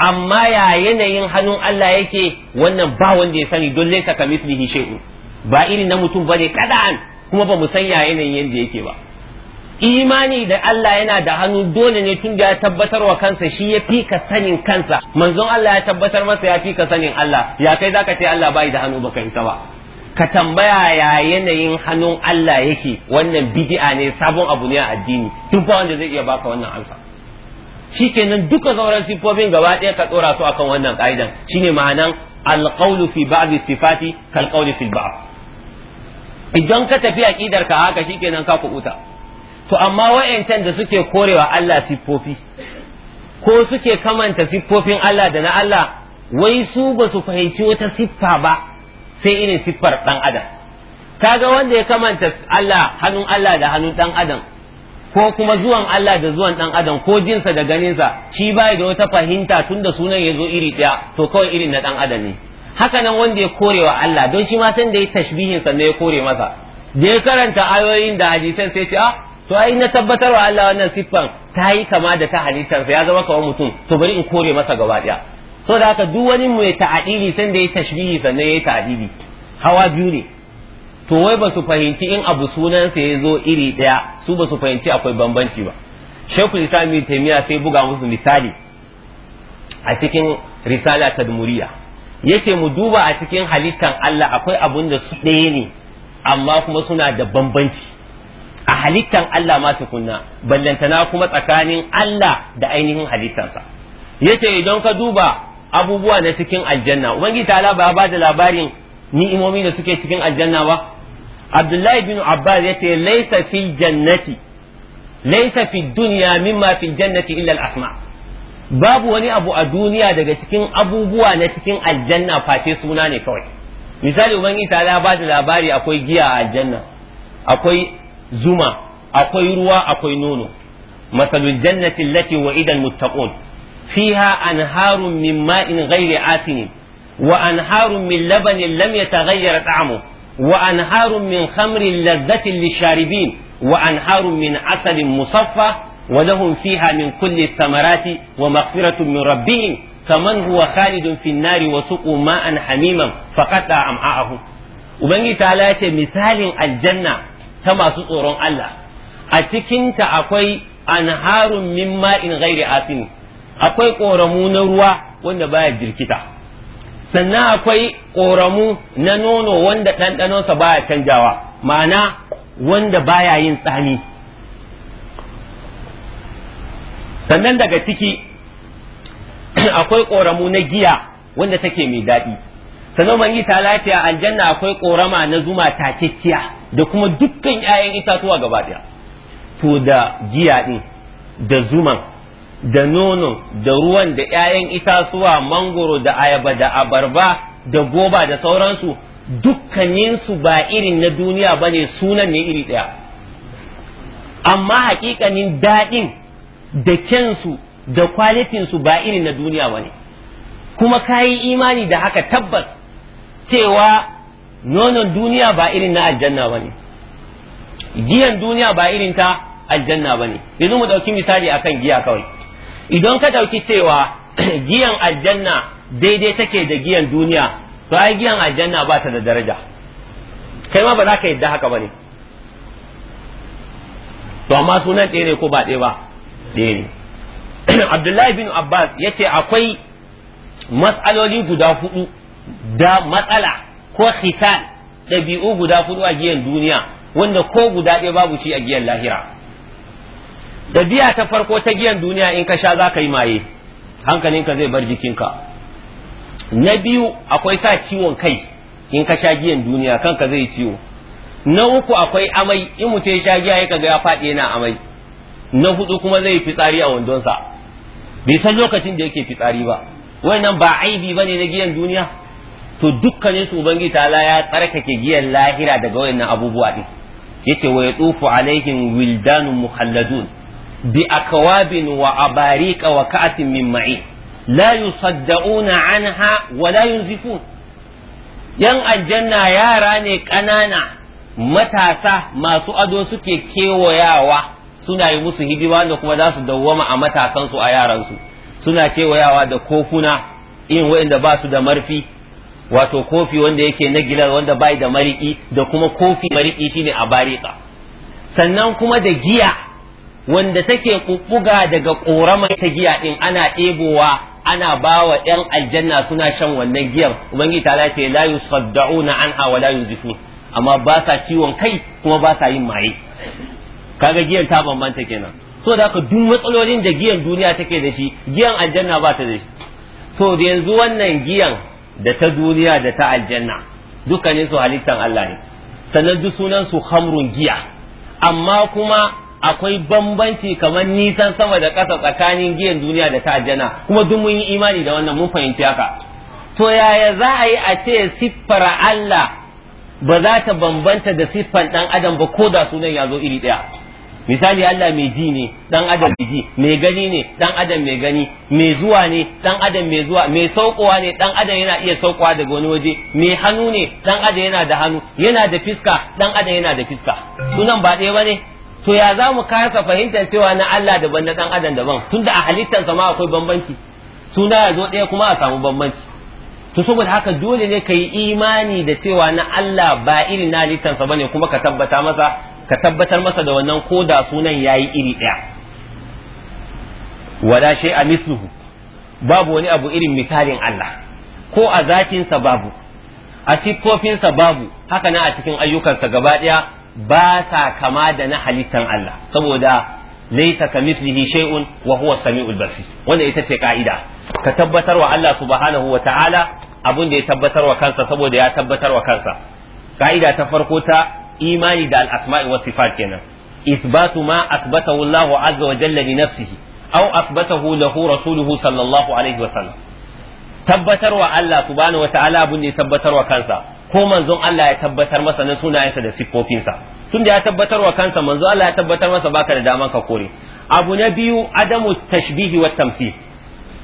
amma ya yanayin hannun Allah yake wannan ba wanda ya sani don ka mislihi shay'un ba irin na mutum bane kaɗan kuma ba mu san ya yanayin yanda yake ba imani da Allah yana da hannu dole ne tun da ya tabbatar wa kansa shi ya fika sanin kansa manzon Allah ya tabbatar masa ya fi ka sanin Allah ya kai zaka ce Allah bai da hannu baka isa ba ka tambaya ya yanayin hannun Allah yake wannan bid'a ne sabon abu ne a addini duk ba wanda zai iya baka wannan amsa shikenan duka sauran sifofin gaba ɗaya ka tsora su akan wannan ka'idan shine ma'anan alqawlu fi ba'd sifati kal qawli fi ba'd idan ka tafi aqidar ka haka shikenan ka kubuta to amma wa'yancan da suke korewa Allah siffofi ko suke kamanta siffofin Allah da na Allah wai su ba su fahimci wata siffa ba sai irin siffar dan adam kaga wanda ya kamanta Allah hannun Allah da hannun dan adam ko kuma zuwan Allah da zuwan dan adam ko jinsa da ganinsa shi bai da wata fahimta tunda sunan ya zo iri ɗaya to kawai irin na dan adam ne haka nan wanda ya kore wa Allah don shi ma san da ya tashbihin ne ya kore masa da ya karanta ayoyin da hadisan sai ce ah to ai na tabbatar wa Allah wannan siffan ta yi kama da ta halittarsa ya zama kamar mutum to bari in kore masa gaba daya so da haka duk wani mai ta'adili san da ya tashbihi sannan ya yi ta'adili hawa biyu ne to wai ba su fahimci in abu sunansa ya zo iri ɗaya su ba su fahimci akwai bambanci ba shekul islami taimiya sai buga musu misali a cikin risala tadmuriya yace mu duba a cikin halittan Allah akwai abun da su ɗaya ne amma kuma suna da bambanci a halittan Allah ma tukunna ballantana kuma tsakanin Allah da ainihin halittansa yace idan ka duba abubuwa na cikin aljanna ubangiji ta'ala ba ba da labarin ni'imomi da suke cikin aljanna ba abdullahi bin abbas yace laysa fil jannati laysa fi dunya mimma fil jannati illa al asma babu wani abu a duniya daga cikin abubuwa na cikin aljanna face suna ne kawai misali ubangiji ta'ala ba da labari akwai giya a aljanna akwai zuma akwai ruwa akwai nono masalul jannati allati idan al muttaqun فيها أنهار من ماء غير آسن وأنهار من لبن لم يتغير طعمه وأنهار من خمر لذة للشاربين وأنهار من عسل مصفى ولهم فيها من كل الثمرات ومغفرة من ربهم كمن هو خالد في النار وسقوا ماء حميما فقطع أمعاءهم وبنجي تعالى مثال الجنة كما سطور الله أتكنت أقوي أنهار من ماء غير آسن akwai ƙoramu na ruwa wanda baya jirkita sannan akwai ƙoramu na nono wanda ɗanɗanonsa baya canjawa ma'ana wanda baya yin tsani sannan daga ciki akwai ƙoramu na giya wanda take mai daɗi sannan mangi ta lafiya aljanna akwai ƙorama na zuma takekkiya da kuma dukkan 'ya'yan itatuwa gaba ɗaya to da giya ɗin da zuman da nono da ruwan da 'ya'yan itasuwa mangoro da ayaba da abarba da goba da sauransu dukkaninsu ba irin na duniya ba ne sunan ne iri ɗaya amma hakikanin daɗin da kyansu da kwalitinsu ba irin na duniya ba ne kuma ka yi imani da haka tabbas cewa nonon duniya ba irin na aljanna ba ne giyan duniya ba irin ta aljanna ba ne yanzu mu ɗauki misali akan giya kawai idan ka ɗauki cewa giyan aljanna daidai take da giyan duniya to ai giyan aljanna ba ta da daraja kai ma ba za ka yadda haka ba ne to amma sunan ɗaya ne ko ba ɗaya ba ɗaya ne abdullahi bin abbas ya ce akwai matsaloli guda hudu da matsala ko khitan ɗabi'u guda hudu a giyan duniya wanda ko guda ɗaya babu ci a giyan lahira da biya ta farko ta giyan duniya in ka sha za ka yi maye hankalinka zai bar jikinka na biyu akwai sa ciwon kai in ka sha giyan duniya kanka zai ciwo na uku akwai amai in mutum ya sha giya ya kaga ya faɗi yana amai na hudu kuma zai fitsari a wandonsa bai san lokacin da yake fitsari ba wannan ba aibi bane na giyan duniya to dukkanin su ubangiji ta'ala ya tsarkake giyan lahira daga wayannan abubuwa din yace wa yatufu alaihim wildanun mukhalladun bi akwabin wa abariqa wa ka'atin min ma'in la yusaddauna anha wa la yunzifun yan aljanna yara ne ƙanana matasa masu ado suke kewayawa suna yi musu hidima da kuma za su dawwama a matasansu a yaransu suna kewayawa da kofuna in wa'inda ba su da marfi wato kofi wanda yake na gilar wanda bai da mariki da kuma kofi mariki shine a bariƙa sannan kuma da giya wanda take kukkuga daga ƙorama ta giya din ana ebowa ana bawa ‘yan aljanna suna shan wannan giyar ubangiji ta lafiya la yusaddauna an wa la yuzifu amma ba sa ciwon kai kuma ba sa yin maye kaga giyan ta bambanta kenan so da haka duk matsalolin da giyan duniya take da shi giyan aljanna ba ta da shi so da yanzu wannan giyan da ta duniya da ta aljanna dukkanin su halittan Allah ne sannan duk sunan su khamrun giya amma kuma akwai bambanci kamar nisan sama da ƙasa tsakanin giyan duniya da ta jana kuma duk mun yi imani da wannan mun fahimci haka to yaya za a yi a ce siffar Allah ba za ta bambanta da siffar dan adam ba ko da sunan ya zo iri ɗaya misali Allah mai ji ne dan adam mai ji mai gani ne dan adam mai gani mai zuwa ne dan adam mai zuwa mai saukowa ne dan adam yana iya saukowa daga wani waje mai hannu ne dan adam yana da hannu yana da fiska dan adam yana da fiska sunan ba ɗaya ba ne to ya za mu kasa fahimtar cewa na Allah daban na dan adam daban tunda a halittarsa ma akwai bambanci suna ya zo ɗaya kuma a samu bambanci to saboda haka dole ne ka yi imani da cewa na Allah ba irin na halittarsa ne kuma ka tabbata masa ka tabbatar masa da wannan ko da sunan ya yi iri ɗaya wala shay a misluhu babu wani abu irin misalin Allah ko a zatinsa babu a siffofinsa babu haka na a cikin ayyukansa gaba ɗaya ba sa kama da na halittan Allah saboda laisa mislihi shay'un wa huwa samiul basir wannan ita ce ka'ida ka tabbatar wa Allah subhanahu wa ta'ala abin da ya tabbatar wa kansa saboda ya tabbatar wa kansa ka'ida ta farko ta imani da al-asma'i wa sifat kenan isbatu ma asbatahu Allahu azza wa jalla li nafsihi aw asbatahu lahu rasuluhu sallallahu alaihi wa sallam tabbatar wa Allah subhanahu wa ta'ala abin da ya tabbatar wa kansa ko manzon Allah ya tabbatar masa na sunayensa da siffofinsa tun da ya tabbatar wa kansa manzon Allah ya tabbatar masa baka da daman ka kore abu na biyu adamu tashbihi wa tamthil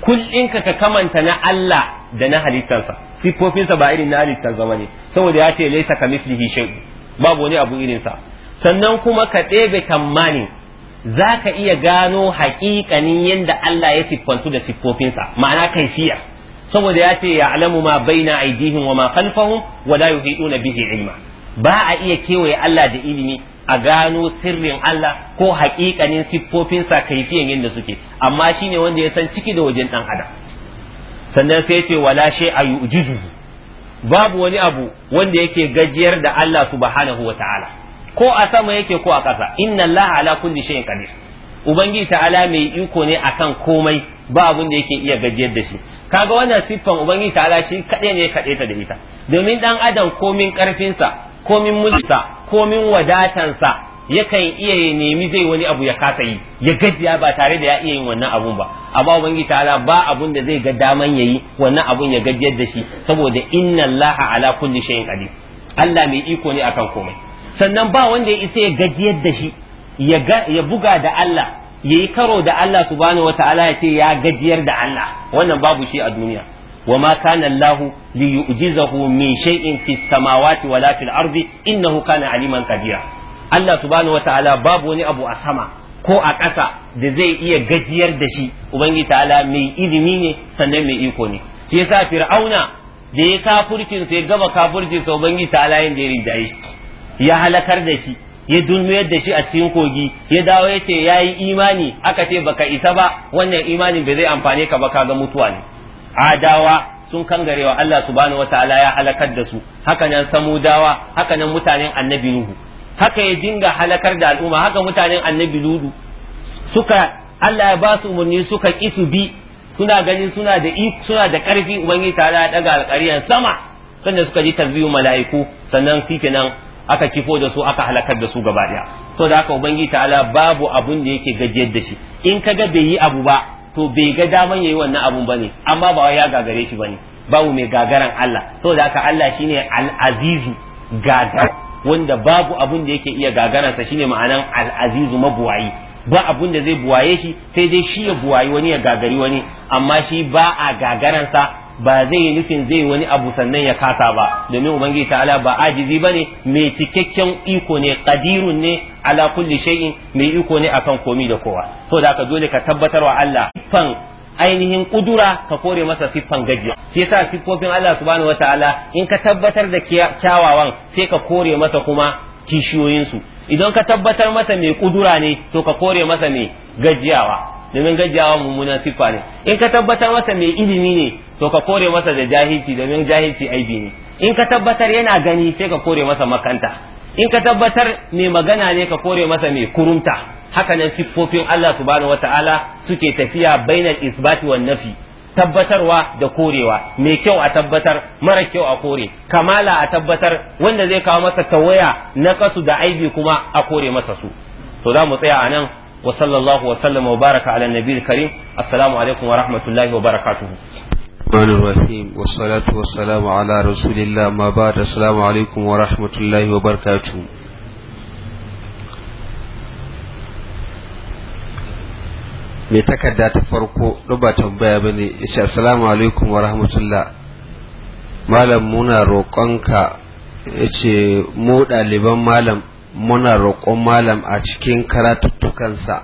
kullin ka kamanta na Allah da na halittarsa siffofinsa ba irin na halittar zamani saboda ya ce laysa kamithlihi shay babu wani abu irin sa. sannan kuma ka ɗebe tammani zaka iya gano haƙiƙanin yadda Allah ya siffantu da siffofinsa ma'ana kaifiya saboda ya ce ya'lamu ma baina aydihim wa ma khalfahum wa la yuhiduna bihi ilma ba a iya kewaye Allah da ilimi a gano sirrin Allah ko haƙiƙanin siffofin kaifiyan yadda suke amma shine wanda ya san ciki da wajen dan adam sannan sai ce wala shay a yu'jizuhu babu wani abu wanda yake gajiyar da Allah subhanahu wa ta'ala ko a sama yake ko a ƙasa inna Allah ala kulli shay'in qadir ubangiji ta'ala mai iko ne akan komai ba abunda da yake iya gajiyar da shi kaga wannan siffan ubangiji ta'ala shi kadai ne kaɗai ta da ita domin dan adam komin karfinsa komin mulkinsa komin wadatansa yakan iya ya nemi zai wani abu ya kasa yi ya gajiya ba tare da ya iya yin wannan abun ba amma ubangiji ta'ala ba abun da zai ga daman yayi wannan abun ya gajiyar da shi saboda inna allaha ala kulli shay'in qadir Allah mai iko ne akan komai sannan ba wanda ya isa ya gajiyar da shi ya buga da Allah ya yi karo da Allah subhanahu wataala ya ce ya gajiyar da Allah wannan babu shi a duniya wa ma kana Allah li yu'jizahu min shay'in fis samawati wala fil ardi innahu kana aliman kabira Allah subhanahu wataala babu wani abu a sama ko a ƙasa da zai iya gajiyar da shi ubangiji ta'ala mai ilimi ne sannan mai iko ne shi yasa fir'auna da ya kafurcin sai gaba kafurcin sa ubangiji ta'ala yin da ya ya halakar da shi ya dulmiyar da shi a cikin kogi ya dawo ya ce ya yi imani aka ce baka isa ba wannan imanin bai zai amfane ka ba kaga mutuwa ne adawa sun kangarewa Allah subhanahu wataala ya halakar da su haka nan samudawa haka nan mutanen annabi nuhu haka ya dinga halakar da al'umma haka mutanen annabi ludu suka Allah ya ba su umarni suka ki su bi suna ganin suna da suna da karfi ubangiji ta ya daga alƙariyar sama sannan suka ji tarbiyu mala'iku sannan shikenan aka kifo da su aka halakar da su gaba daya to da haka ubangiji ta'ala babu abun da yake gajiyar da shi in kaga bai yi abu ba to bai ga daman yayi wannan abun bane amma ba ya gagare shi bane babu mai gagaran Allah to da haka Allah shine al-azizu gagar wanda babu abun da yake iya gagaran sa shine ma'anan al-azizu mabuwayi ba abun da zai buwaye shi sai dai shi ya buwayi wani ya gagari wani amma shi ba a gagaransa ba zai yi nufin zai wani abu sannan ya kasa ba domin ubangiji ta'ala ba ajizi bane mai cikakken iko ne kadirun ne ala kulli shay'in mai iko ne akan komi da kowa so da ka dole ka tabbatar wa Allah fan ainihin kudura ka kore masa siffan gajiya shi yasa siffofin Allah subhanahu wataala in ka tabbatar da kyawawan sai ka kore masa kuma kishiyoyinsu idan ka tabbatar masa mai kudura ne to ka kore masa mai gajiyawa domin gajiyawa mummuna siffa ne in ka tabbatar masa mai ilimi ne to ka kore masa da jahilci domin jahilci aibi ne in ka tabbatar yana gani sai ka kore masa makanta in ka tabbatar mai magana ne ka kore masa mai kurumta haka nan siffofin Allah subhanahu wataala suke tafiya bainal isbati wan nafi tabbatarwa da korewa mai kyau a tabbatar mara kyau a kore kamala a tabbatar wanda zai kawo masa tawaya na kasu da aibi kuma a kore masa su to za mu tsaya a nan wa sallallahu wa sallama wa baraka ala nabiyil karim wa الرحمن الرحيم والصلاة والسلام على رسول الله ما بعد السلام عليكم ورحمة الله وبركاته mai takarda ta farko ba tambaya ba ne ya ce assalamu alaikum wa rahmatullah malam muna roƙonka ya ce mu ɗaliban malam muna roƙon malam a cikin karatuttukansa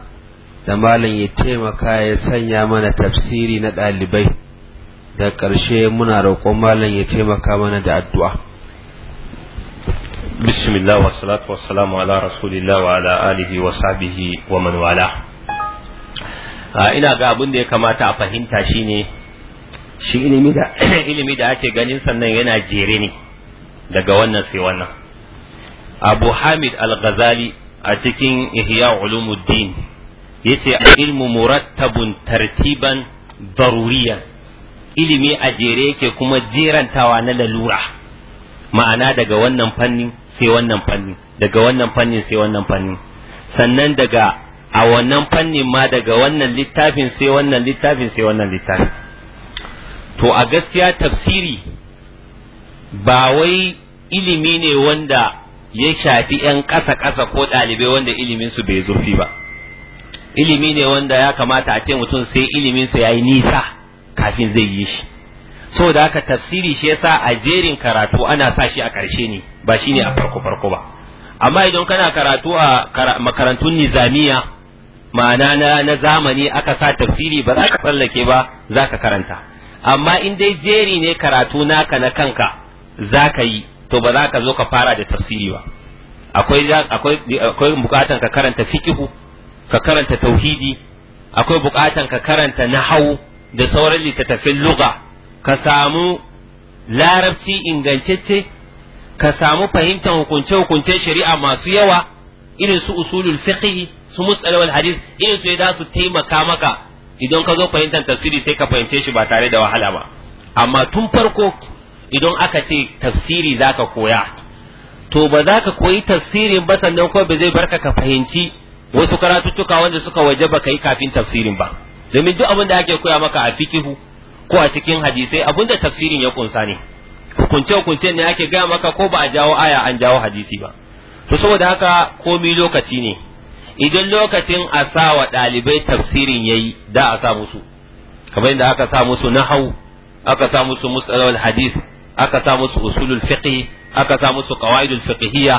da malam ya taimaka ya sanya mana tafsiri na ɗalibai da ƙarshe muna roƙon malam ya taimaka mana da addu'a bismillah wa salatu wa salamu ala rasulillah wa ala alihi wa sahbihi wa man wala ina ga abin da ya kamata a fahimta shine shi ilimi da ilimi da ake ganin sannan yana jere ne daga wannan sai wannan abu hamid al-ghazali a cikin ihya ulumuddin yace ilmu murattabun tartiban daruriyan ilimi a jere yake kuma jerantawa na lalura ma'ana daga wannan fannin sai wannan fannin daga wannan fannin sai wannan fannin sannan daga a wannan fannin ma daga wannan littafin sai wannan littafin sai wannan littafin to a gaskiya tafsiri ba wai ilimi ne wanda ya shafi 'yan ƙasa-ƙasa ko ɗalibai wanda iliminsu bai zurfi ba ilimi ne wanda ya kamata a ce mutum sai iliminsa ya yi nisa kafin zai yi shi so da haka tafsiri shi yasa a jerin karatu ana sa shi a ƙarshe ne ba shi ne a farko-farko ba amma idan kana karatu a makarantun nizamiya ma'ana na, na zamani aka sa tafsiri ba za ka tsallake ba za ka karanta amma in dai jeri ne karatu naka na kanka za ka yi to ba za ka zo ka fara da tafsiri ba akwai bukatan ka karanta fikihu ka karanta tauhidi akwai bukatan ka karanta nahwu da sauran littattafin lugha ka samu larabci ingantacce ka samu fahimtar hukunce-hukuncen shari'a masu yawa irin su usulul fiqh su mustalawal hadith irin su da su taimaka maka idan ka zo fahimtar tafsiri sai ka fahimce shi ba tare da wahala ba amma tun farko idan aka ce tafsiri zaka koya to ba za ka koyi tafsirin ba sannan ko ba zai barka ka fahimci wasu karatuttuka wanda suka waje ba ka yi kafin tafsirin ba domin duk abin da ake koya maka a fikihu ko a cikin hadisai abin da tafsirin ya kunsa ne hukunce hukunce ne ake gaya maka ko ba a jawo aya an jawo hadisi ba to saboda haka komi lokaci ne idan lokacin a sa wa ɗalibai tafsirin ya yi da a sa musu kamar yadda aka sa musu nahau aka sa musu musalawal hadith aka sa musu usulul fiqi aka sa musu qawaidul fiqhiyya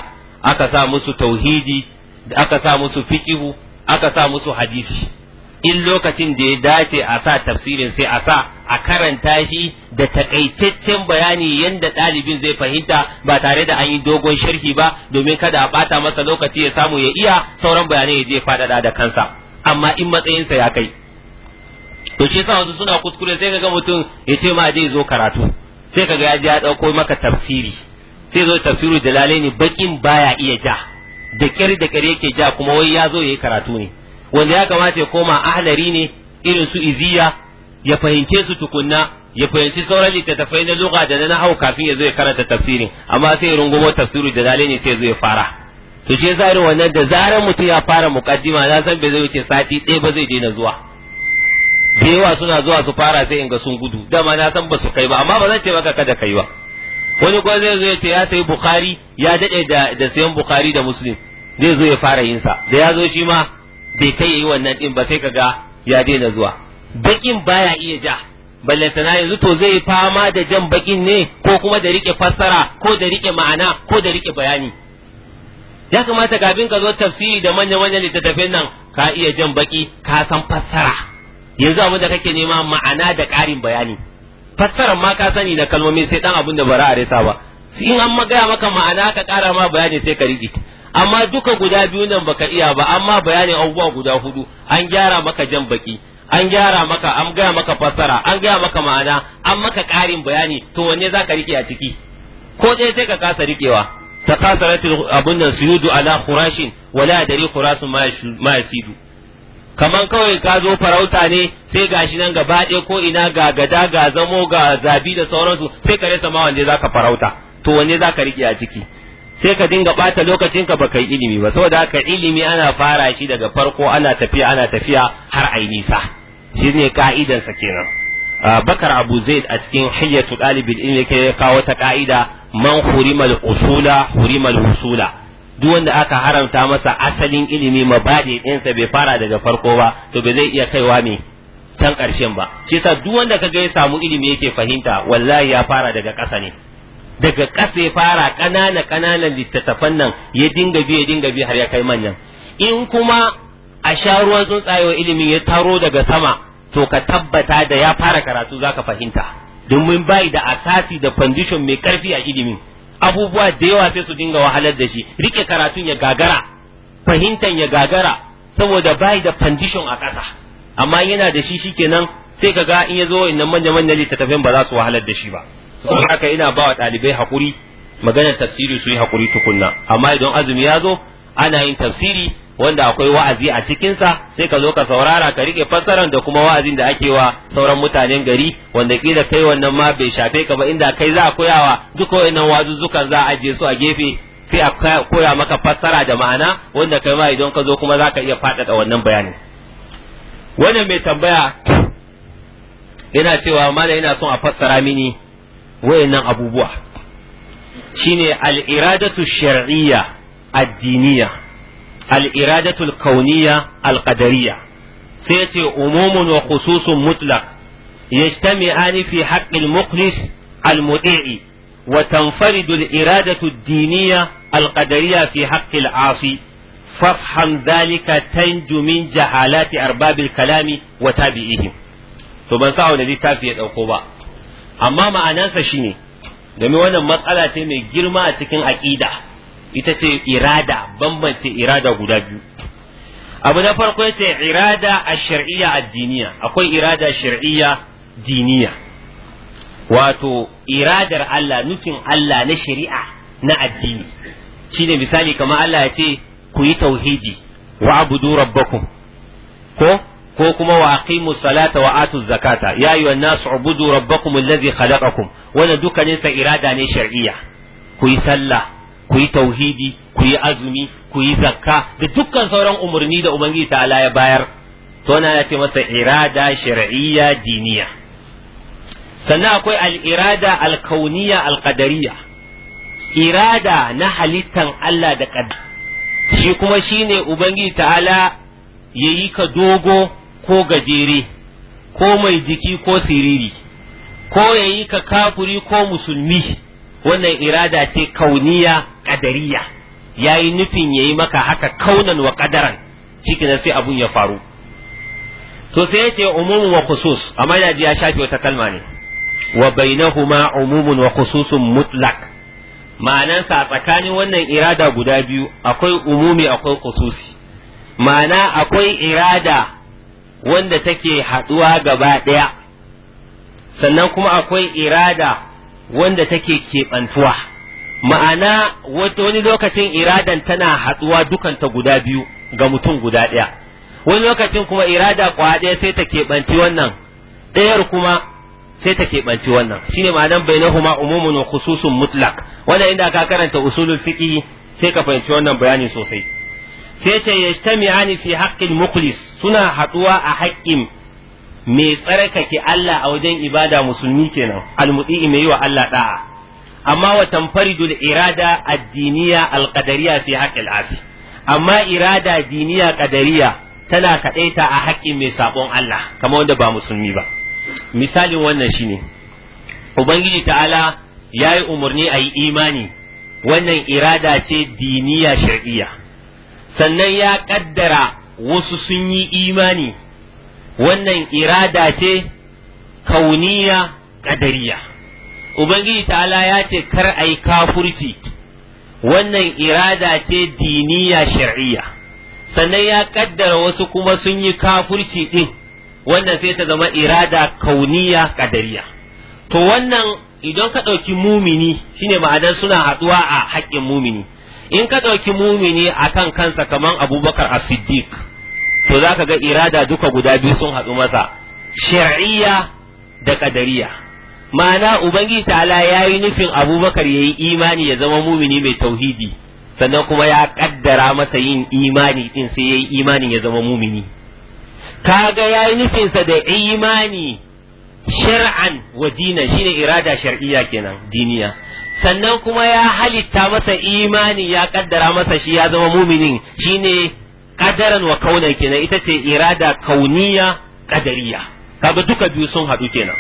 aka sa musu tauhidi aka sa musu fiqhu aka sa musu hadisi in lokacin da ya dace a sa tafsirin sai a sa a karanta shi da takaitaccen bayani yadda ɗalibin zai fahimta ba tare da an yi dogon sharhi ba domin kada a ɓata masa lokaci ya samu ya iya sauran bayanai ya je faɗaɗa da kansa amma in matsayinsa ya kai to shi yasa wasu suna kuskure sai ga mutum ya ce ma zai zo karatu sai kaga ya je ya dauko maka tafsiri sai zo tafsiru ne bakin baya iya ja da kyar da kyar yake ja kuma wai ya zo yayi karatu ne wanda ya kamata ya koma ahlari ne irin su iziya ya fahimce su tukunna ya fahimci sauran littattafai na lugha da na hau kafin ya zo ya karanta tafsirin amma sai ya rungumo tafsiru ne sai ya zo ya fara to shi yasa irin wannan da zarar mutum ya fara mukaddima na san bai zai wuce sati ɗaya ba zai daina zuwa da yawa suna zuwa su fara sai in ga sun gudu dama na san ba su kai ba amma ba zan ce maka kada kai ba wani kuma zai zo ya ce ya sayi bukari ya dade da da sayan bukari da muslim zai zo ya fara yin sa da ya zo shi ma bai kai yayi wannan din ba sai kaga ya daina zuwa bakin baya iya ja balle sana yanzu to zai fama da jan bakin ne ko kuma da rike fassara ko da rike ma'ana ko da rike bayani ya kamata kafin ka zo tafsiri da manya-manyan littattafin nan ka iya jan baki ka san fassara yanzu abin da kake nema ma'ana da ƙarin bayani fassarar ma ka sani da kalmomi sai dan abin da bara a resa ba in an magaya maka ma'ana ka ƙara ma bayani sai ka riƙe amma duka guda biyu nan baka iya ba amma bayanin abubuwa guda hudu an gyara maka jan baki an gyara maka an gaya maka fassara an gaya maka ma'ana an maka ƙarin bayani to wanne za ka riƙe a ciki ko dai sai ka kasa riƙewa ta kasaratul abun nan yudu ala kurashin wala dare khurasun ma yasidu kamar kawai ka zo farauta ne sai gashi nan gaba ɗaya ko ina ga gada ga zamo ga zabi da sauransu sai ka rasa ma wanda zaka farauta to wanne zaka riƙe a ciki sai ka dinga bata lokacin ka baka yi ilimi ba saboda haka ilimi ana fara shi daga farko ana tafiya ana tafiya har ai nisa shi ne ka'idan sa kenan ah, bakar abu zaid a cikin hayyatu ɗalibin ilmi ke kawo ta ka'ida man hurimal usula hurimal usula. duk wanda aka haramta masa asalin ilimi mabadi ɗinsa bai fara daga farko ba to bai zai iya kaiwa me can ƙarshen ba shi yasa duk wanda kaga ya samu ilimi yake fahimta wallahi ya fara daga ƙasa ne daga ƙasa ya fara ƙanana ƙananan littattafan nan ya dinga bi ya dinga bi har ya kai manyan in kuma a sha ruwan tsuntsaye ilimin ya taro daga sama to ka tabbata da ya fara karatu zaka fahimta domin bai da asasi da condition mai karfi a ilimin abubuwa da yawa sai su dinga wahalar da shi rike karatun ya gagara fahimtan ya gagara saboda bai da condition a ƙasa amma yana da shi shikenan sai ka ga in ya zo innan manya manyan littattafan ba za su wahalar da shi ba saboda haka ina ba wa ɗalibai haƙuri maganar tafsiri su yi haƙuri tukunna amma idan azumi ya zo ana yin tafsiri wanda akwai wa'azi a cikinsa sai ka zo ka saurara ka rike fassaran da kuma wa'azin da ake wa sauran mutanen gari wanda kila kai wannan ma bai shafe ka ba inda kai za a koyawa duk wayannan wazuzzukan za a ajiye su a gefe sai a koya maka fassara da ma'ana wanda kai ma idan ka zo kuma za ka iya faɗaɗa wannan bayanin wannan mai tambaya yana cewa mana yana son a fassara mini wayannan abubuwa shine al-iradatu shar'iyya addiniya al-iradatul kauniyya al-qadariyya sai yace umumun wa khususun mutlaq fi haqqi al-mukhlis al-muti'i wa tanfaridu al-iradatu fi haƙƙin afi. asi fafham dhalika tanju jahalati arbabil kalami wa tabi'ihim to ban sa wani littafi ya dauko ba amma ma'anarsa shine domin wannan matsala ce mai girma a cikin aƙida. ita ce irada bambance irada guda biyu abu na farko yace irada a shari'a addiniya akwai irada shar'iyya diniya wato iradar Allah nufin Allah na shari'a na addini shine misali kamar Allah ya ce ku yi tauhidi wa abudu rabbakum ko ko kuma wa aqimu salata wa atu zakata ya ayyuhan nasu ubudu rabbakum allazi khalaqakum wannan dukkanin sa irada ne shar'iyya ku yi sallah ku yi tauhidi ku yi azumi ku yi zakka da dukkan sauran umarni da ubangiji ta'ala ya bayar to na ce masa irada shar'iyya diniya sannan akwai al'irada alkauniya al irada na halittan Allah da ƙadda shi kuma shine ubangiji ta'ala yayi ka dogo ko gajere ko mai jiki ko siriri ko yayi ka kafuri ko musulmi wannan irada ce kauniya qadariya yayi nufin yayi maka haka kaunan wa qadaran cikin sai abun ya faru to sai yace umumun wa khusus amma yana ji ya shafi wata kalma ne wa bainahuma umumun wa khususun mutlaq ma'anansa a tsakanin wannan irada guda biyu akwai umumi akwai khususi ma'ana akwai irada wanda take haduwa gaba daya sannan kuma akwai irada wanda take keɓantuwa ma'ana wani lokacin iradan tana haɗuwa dukanta guda biyu ga mutum guda ɗaya wani lokacin kuma irada kwa ɗaya sai ta keɓanci wannan ɗayar kuma sai ta keɓanci wannan shine ma'anan bainahuma umumun wa khususun mutlak wannan inda ka karanta usulul fiqh sai ka fahimci wannan bayani sosai sai ce yajtami'ani fi haqqil mukhlis suna haɗuwa a haƙƙin mai tsarkake Allah a wajen ibada musulmi kenan almudi mai yi wa Allah da'a amma wa tanfaridul irada addiniya alqadariya fi haqqil asi amma irada diniya qadariya tana kadaita a haƙƙin mai sabon Allah kamar wanda ba musulmi ba misalin wannan shine ubangiji ta'ala yayi umarni a yi imani wannan irada ce diniya shar'iyya sannan ya kaddara wasu sun yi imani wannan irada ce kauniya ƙadariya. ubangiji ta'ala ya ce kar a yi kafurci wannan irada ce diniya shar'iyya sannan ya kaddara wasu kuma sun yi kafurci din wannan sai ta zama irada kauniya kadariya to wannan idan ka ɗauki mumini shine ma'anar suna haɗuwa a haƙƙin mumini in ka ɗauki mumini a kan kansa kaman abubakar a siddiq to za ka ga irada duka guda biyu sun haɗu masa shar'iyya da kadariya ma'ana ubangiji ta'ala yi nufin abubakar ya yi imani ya zama mumini mai tauhidi sannan kuma ya kaddara masa yin imani din sai ya yi imanin ya zama mumini kaga yayi nufin sa da imani shar'an wa dinan shine irada shar'iyya kenan diniya sannan kuma ya halitta masa imani ya kaddara masa shi ya zama muminin shine kadaran wa kaunan kenan ita ce irada kauniya kadariya kaga duka biyu sun haɗu kenan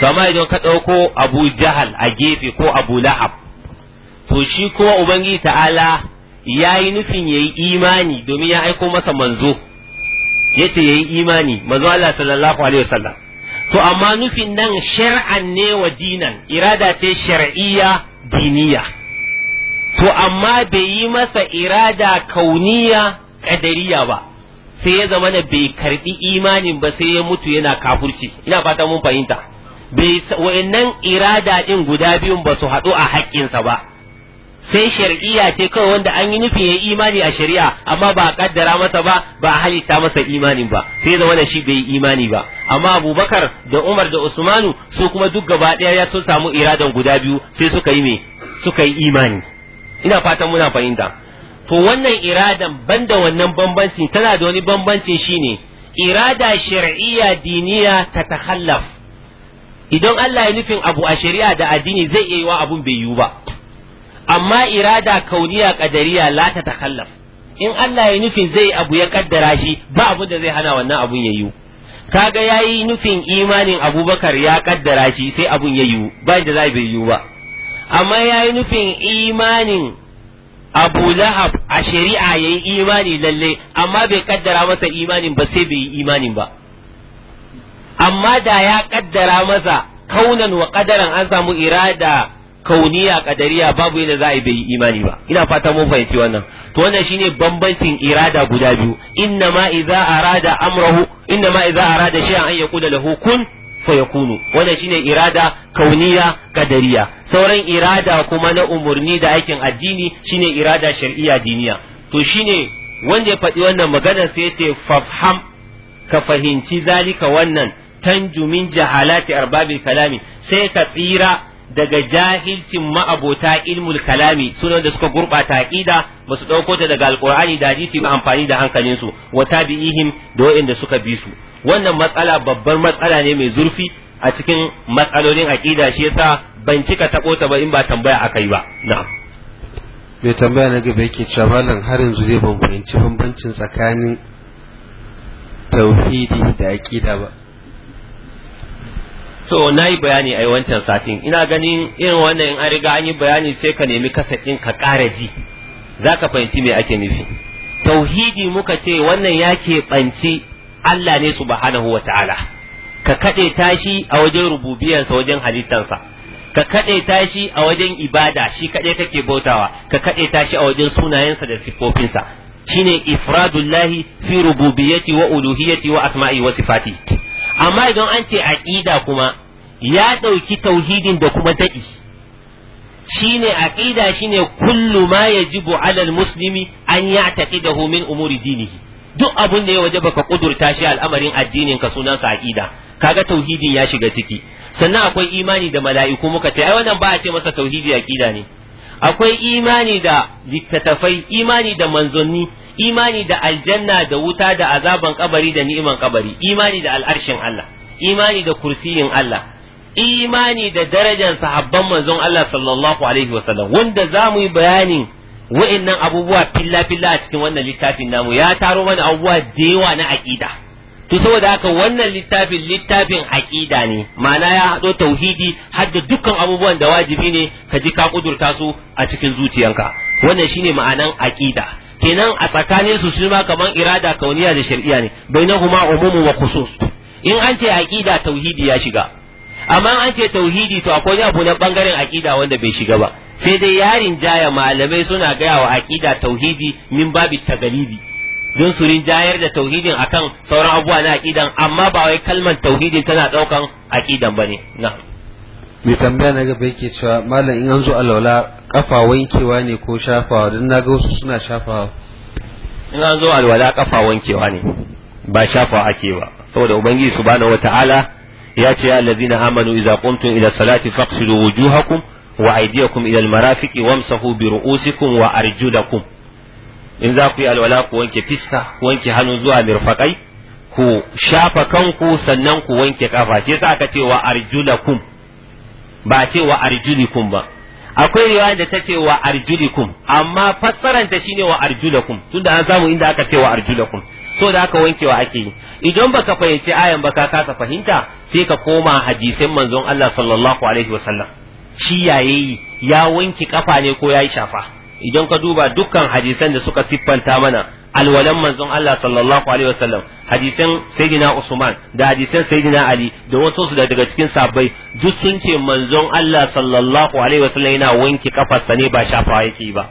to idan ka ɗauko abu jahal a gefe ko abu la'ab to shi kuma ubangiji ta'ala ya yi nufin ya yi imani domin ya aiko masa manzo ya ya yi imani manzo Allah sallallahu alaihi wasallam to amma nufin nan shar'an ne wa dinan irada ce shar'iyya diniya to amma bai yi masa irada kauniya kadariya ba sai ya zama bai karbi imanin ba sai ya mutu yana kafurci ina fata mun fahimta bai wa'annan irada din guda biyun ba su haɗu a haƙƙinsa ba sai shar'iyya ce kawai wanda an yi nufin ya yi imani a shari'a amma ba a kaddara masa ba ba a halitta masa imani ba sai zama da shi bai yi imani ba amma abubakar da umar da usmanu su kuma duk gaba ɗaya ya sun samu iradan guda biyu sai suka yi me suka yi imani ina fatan muna fahimta to wannan iradan banda wannan bambancin tana da wani bambanci shine irada shar'iyya diniya ta takhallaf idan Allah ya nufin abu a shari'a da addini zai iya yiwa abun bai yiwu ba amma irada kauniya kadariya la ta takallaf in Allah ya nufin zai abu ya kaddara shi ba abun da zai hana wannan abun ya yiwu kaga yayi nufin imanin Abubakar ya kaddara shi sai abun ya yiwu ba da zai bai yiwu ba amma yayi nufin imanin Abu Lahab a shari'a yayi imani lalle amma bai kaddara masa imanin ba sai bai yi imanin ba amma da ya kaddara masa kaunan wa kadaran an samu irada kauniya kadariya babu yadda za a yi imani ba ina fata mun fahimci wannan to wannan shine bambancin irada guda biyu inna ma idza arada amrahu inna ma idza arada shay'an an yaqula lahu kun fayakunu wannan shine irada kauniya kadariya sauran irada kuma na umurni da aikin addini shine irada shar'iyya diniya to shine wanda ya faɗi wannan magana sai ya ce fafham ka fahimci zalika wannan tanju min jahalati arbabil kalami sai ka tsira daga jahilcin ma'abota ilmul kalami sunan da suka gurɓata aqida ba su ɗauko ta daga alƙur'ani da hadisi ba amfani da hankalinsu wa tabi'ihim da waɗanda suka bi su wannan matsala babbar matsala ne mai zurfi a cikin matsalolin aqida shi yasa ban cika taɓo ta ba in ba tambaya akai ba na'am mai tambaya na gaba yake cewa malam har yanzu zai ban fahimci bambancin tsakanin tauhidi da aqida ba to na yi bayani a wancan satin ina ganin irin wannan in an riga an yi bayani sai ka nemi kasaɗin ka ƙara ji za ka fahimci me ake nufi tauhidi muka ce wannan ya ke banci Allah ne su subhanahu wa ta'ala ka kaɗe tashi a wajen rububiyarsa wajen halittarsa ka kaɗe tashi a wajen ibada shi kaɗe kake bautawa ka kaɗe tashi a wajen sunayensa da siffofinsa shine ifradullahi fi rububiyati wa uluhiyati wa asma'i wa sifati amma idan an ce aqida kuma ya ɗauki tauhidin da kuma daɗi shine aqida shine kullu ma yajibu alal musulmi an ya'taqidahu min umuri dinihi duk abun da ya waje ka kudurta shi al'amarin addinin ka sunansa aqida kaga tauhidin ya shiga ciki sannan akwai imani da mala'iku muka ce ai wannan ba a ce masa tauhidi aqida ne akwai imani da littatafai imani da manzanni imani da aljanna da wuta da azaban kabari da ni'iman kabari imani da al'arshin Allah imani da kursiyin Allah imani da darajar sahabban manzon Allah sallallahu alaihi wasallam wanda za mu yi bayanin wa'annan abubuwa filla filla a cikin wannan littafin namu ya taro mana abubuwa da yawa na aqida to saboda haka wannan littafin littafin aqida ne ma'ana ya hado tauhidi har da dukkan abubuwan da wajibi ne ka ji ka kudurta su a cikin zuciyanka wannan shine ma'anan aqida kenan a tsakanin su su ma kaman irada kauniya da shari'a ne bainahuma umumu wa khusus in an ce aqida tauhidi ya shiga amma an ce tauhidi to akwai abu na bangaren aqida wanda bai shiga ba sai dai yarin jaya malamai suna gaya wa aqida tauhidi min babi tagalibi don su rinjayar da tauhidin akan sauran abubuwa na aqidan amma ba wai kalmar tauhidi tana daukan aqidan bane na'am mai tambaya na gaba yake cewa malam in an zo alwala kafa wankewa ne ko shafawa don na ga wasu suna shafawa in an zo alwala kafa wankewa ne ba shafawa ake ba saboda ubangiji subhanahu wataala ya ce ya allazina amanu idza qumtum ila salati faghsilu wujuhakum wa aydiyakum ila almarafiqi wamsahu bi ru'usikum wa arjulakum in za ku yi alwala ku wanke fiska ku wanke hannu zuwa mirfaqai ku shafa kanku sannan ku wanke kafa sai aka ce wa arjulakum ba ce wa arjulikum ba akwai riwaya da ta ce wa arjulikum amma fassaran ta shine wa arjulakum tunda an samu inda aka ce wa arjulakum so da aka wankewa ake yi idan baka fahimci ayan ba ka kasa fahimta sai ka koma hadisin manzon Allah sallallahu alaihi wasallam shi yayi ya wanki kafa ne ko yayi shafa idan ka duba dukkan hadisan da suka siffanta mana alwalan manzon Allah sallallahu alaihi wasallam hadisan sayyidina Usman da hadisan sayyidina Ali da wasu su daga cikin sabbai duk sun ce manzon Allah sallallahu alaihi wasallam yana wanke kafarsa ne ba shafawa yake ba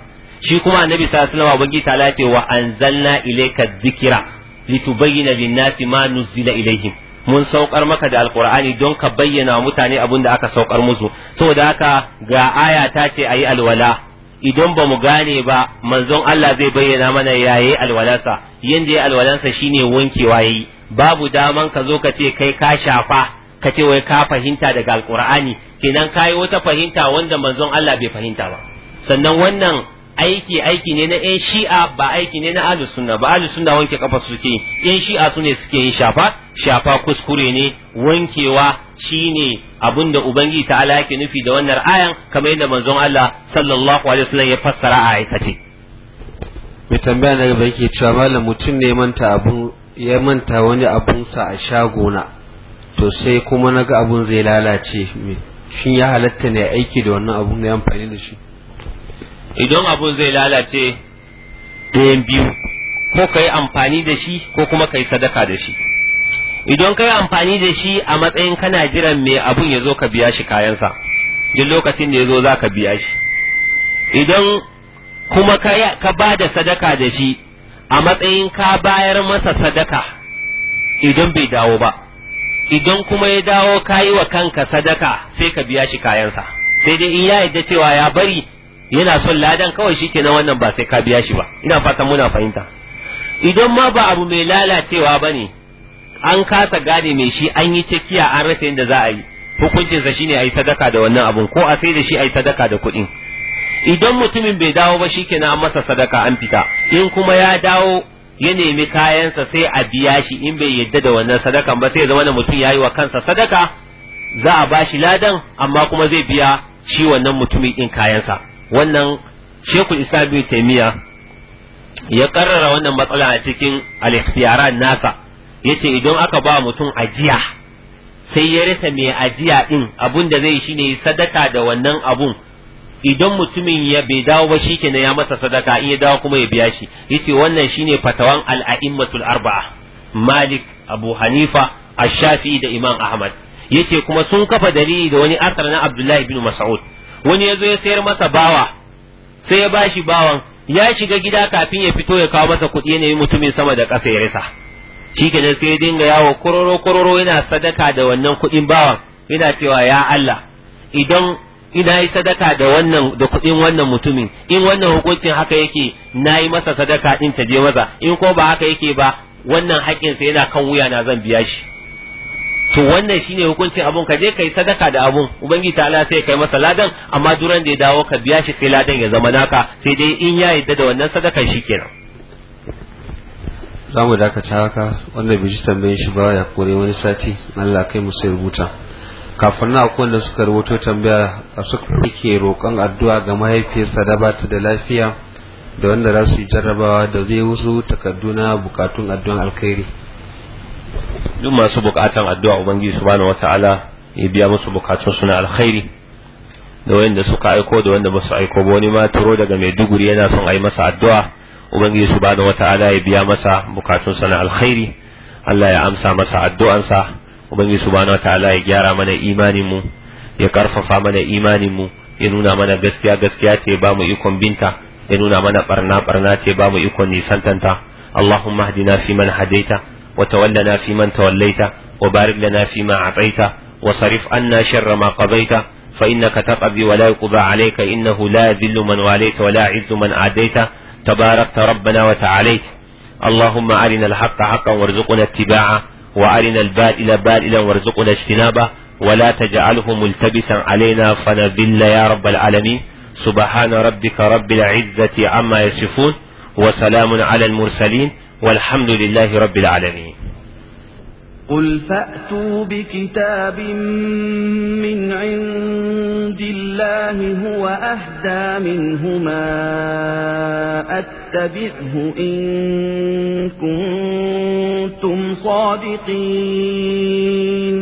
shi kuma annabi sallallahu alaihi wasallam ta ce wa anzalna ilayka dhikra litubayyana lin ma nuzila ilaihim mun saukar maka da alkur'ani don ka bayyana mutane abin da aka saukar musu saboda haka ga aya ta ce ayi alwala idan ba mu gane ba manzon Allah zai bayyana mana yayi alwalansa yanda ya alwalansa shine wankewa yayi babu daman ka zo ka ce kai ka shafa ka ce wai ka fahimta daga alqur'ani kenan kai wata fahimta wanda manzon Allah bai fahimta ba sannan wannan aiki aiki ne na yan shi'a ba aiki ne na ahlus sunna ba ahlus sunna wanke kafa suke yan shi'a sune suke yin shafa shafa kuskure ne wankewa shine abin da ta ala yake nufi da wannan ayan kamar yadda manzon Allah sallallahu alaihi wasallam ya fassara a aikace mai tambaya na gaba yake cewa malam mutum ne manta abun ya manta wani abun sa a shagona to sai kuma naga abun zai lalace shin ya halatta ne aiki da wannan abun da ya amfani da shi idan abun zai lalace ɗayan biyu ko ka yi amfani da shi ko kuma ka yi sadaka da shi idan ka yi amfani da shi a matsayin kana jiran mai abun ya zo ka biya shi kayansa duk lokacin da ya zo za ka biya shi idan kuma ka ba da sadaka da shi a matsayin ka bayar masa sadaka idan bai dawo ba idan kuma ya dawo ka yi wa kanka sadaka sai ka biya shi kayansa sai dai in ya yadda cewa ya bari yana son ladan kawai shi kenan wannan ba sai ka biya shi ba ina fatan muna fahimta idan ma ba abu mai lalacewa ba ne an kasa gane mai shi an yi takiya an rasa yadda za a yi hukuncinsa shine a yi sadaka da wannan abun ko a sai da shi a yi sadaka da kuɗi idan mutumin bai dawo ba shi kenan an masa sadaka an fita in kuma ya dawo ya nemi kayansa sai a biya shi in bai yadda da wannan sadakan ba sai ya zama mutum ya yi wa kansa sadaka za a ba shi ladan amma kuma zai biya shi wannan mutumin in kayansa wannan shekul isabi taimiya ya karrara wannan matsala a cikin al nasa yace idan aka ba mutum ajiya sai ya rasa mai ajiya din abun da zai shine sadaka da wannan abun idan mutumin ya bai dawo ba shikenan ya masa sadaka in ya dawo kuma ya biya shi yace wannan shine fatawan al-a'immatul arba'a Malik Abu Hanifa ash shafi da Imam Ahmad yace kuma sun kafa dalili da wani asar na Abdullahi ibn Mas'ud wani ya zo ya sayar masa bawa sai ya bashi bawan ya shiga gida kafin ya fito ya kawo masa kuɗi ne mutumin sama da ƙasa ya risa shi kenan sai ya dinga yawo kororo kororo yana sadaka da wannan kuɗin bawan yana cewa ya Allah idan ina yi sadaka da wannan da kuɗin wannan mutumin in wannan hukuncin haka yake na yi masa sadaka ɗin ta je maza in ko ba haka yake ba wannan haƙƙinsa yana kan wuya na zan biya shi to wannan shine hukuncin abun ka je kai sadaka da abun ubangiji ta'ala sai kai masa ladan amma duran da ya dawo ka biya shi sai ladan ya zama naka sai dai in ya yadda da wannan sadakar shikenan za mu dakata haka wanda bai ji tambayin shi ba ya kore wani sati Allah kai mu sai rubuta kafin na akwai wanda suka rubuto tambaya a suka ke roƙon addu'a ga mahaifiyarsa da ba ta da lafiya da wanda za su yi jarrabawa da zai wasu takarduna bukatun addu'an alkhairi duk masu bukatan addu'a ubangiji subhanahu wata'ala ya biya musu bukatun suna alkhairi da wanda suka aiko da wanda basu aiko ba wani ma turo daga Maiduguri yana son ai masa addu'a ubangiji subhanahu wata'ala ya biya masa bukatun suna alkhairi Allah ya amsa masa addu'ansa ubangiji subhanahu wata'ala ya gyara mana imanin mu ya karfafa mana imanin mu ya nuna mana gaskiya gaskiya ce ba mu ikon binta ya nuna mana barna barna ce ba mu ikon nisantanta اللهم اهدنا فيمن هديت وتولنا فيمن توليت وبارك لنا فيما أعطيت وصرف عنا شر ما قضيت فإنك تقضي ولا يقضى عليك إنه لا يذل من واليت ولا عز من عديت تباركت ربنا وتعاليت اللهم أرنا الحق حقا وارزقنا اتباعه وأرنا الباطل باطلا وارزقنا اجتنابه ولا تجعله ملتبسا علينا فنذل يا رب العالمين سبحان ربك رب العزة عما يصفون وسلام على المرسلين والحمد لله رب العالمين قل فأتوا بكتاب من عند الله هو أهدى منهما أتبعه إن كنتم صادقين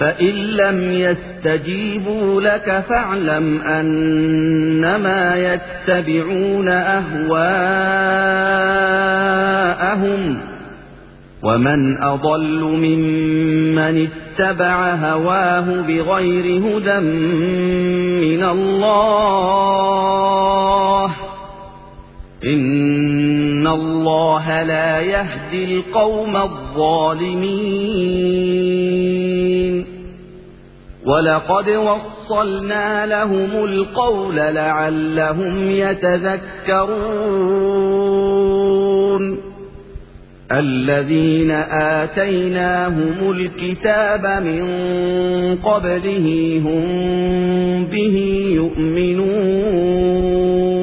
فإن لم يستجيبوا لك فاعلم أنما يتبعون أهواءهم ومن أضل ممن اتبع هواه بغير هدى من الله إن الله لا يهدي القوم الظالمين ولقد وصلنا لهم القول لعلهم يتذكرون الذين آتيناهم الكتاب من قبله هم به يؤمنون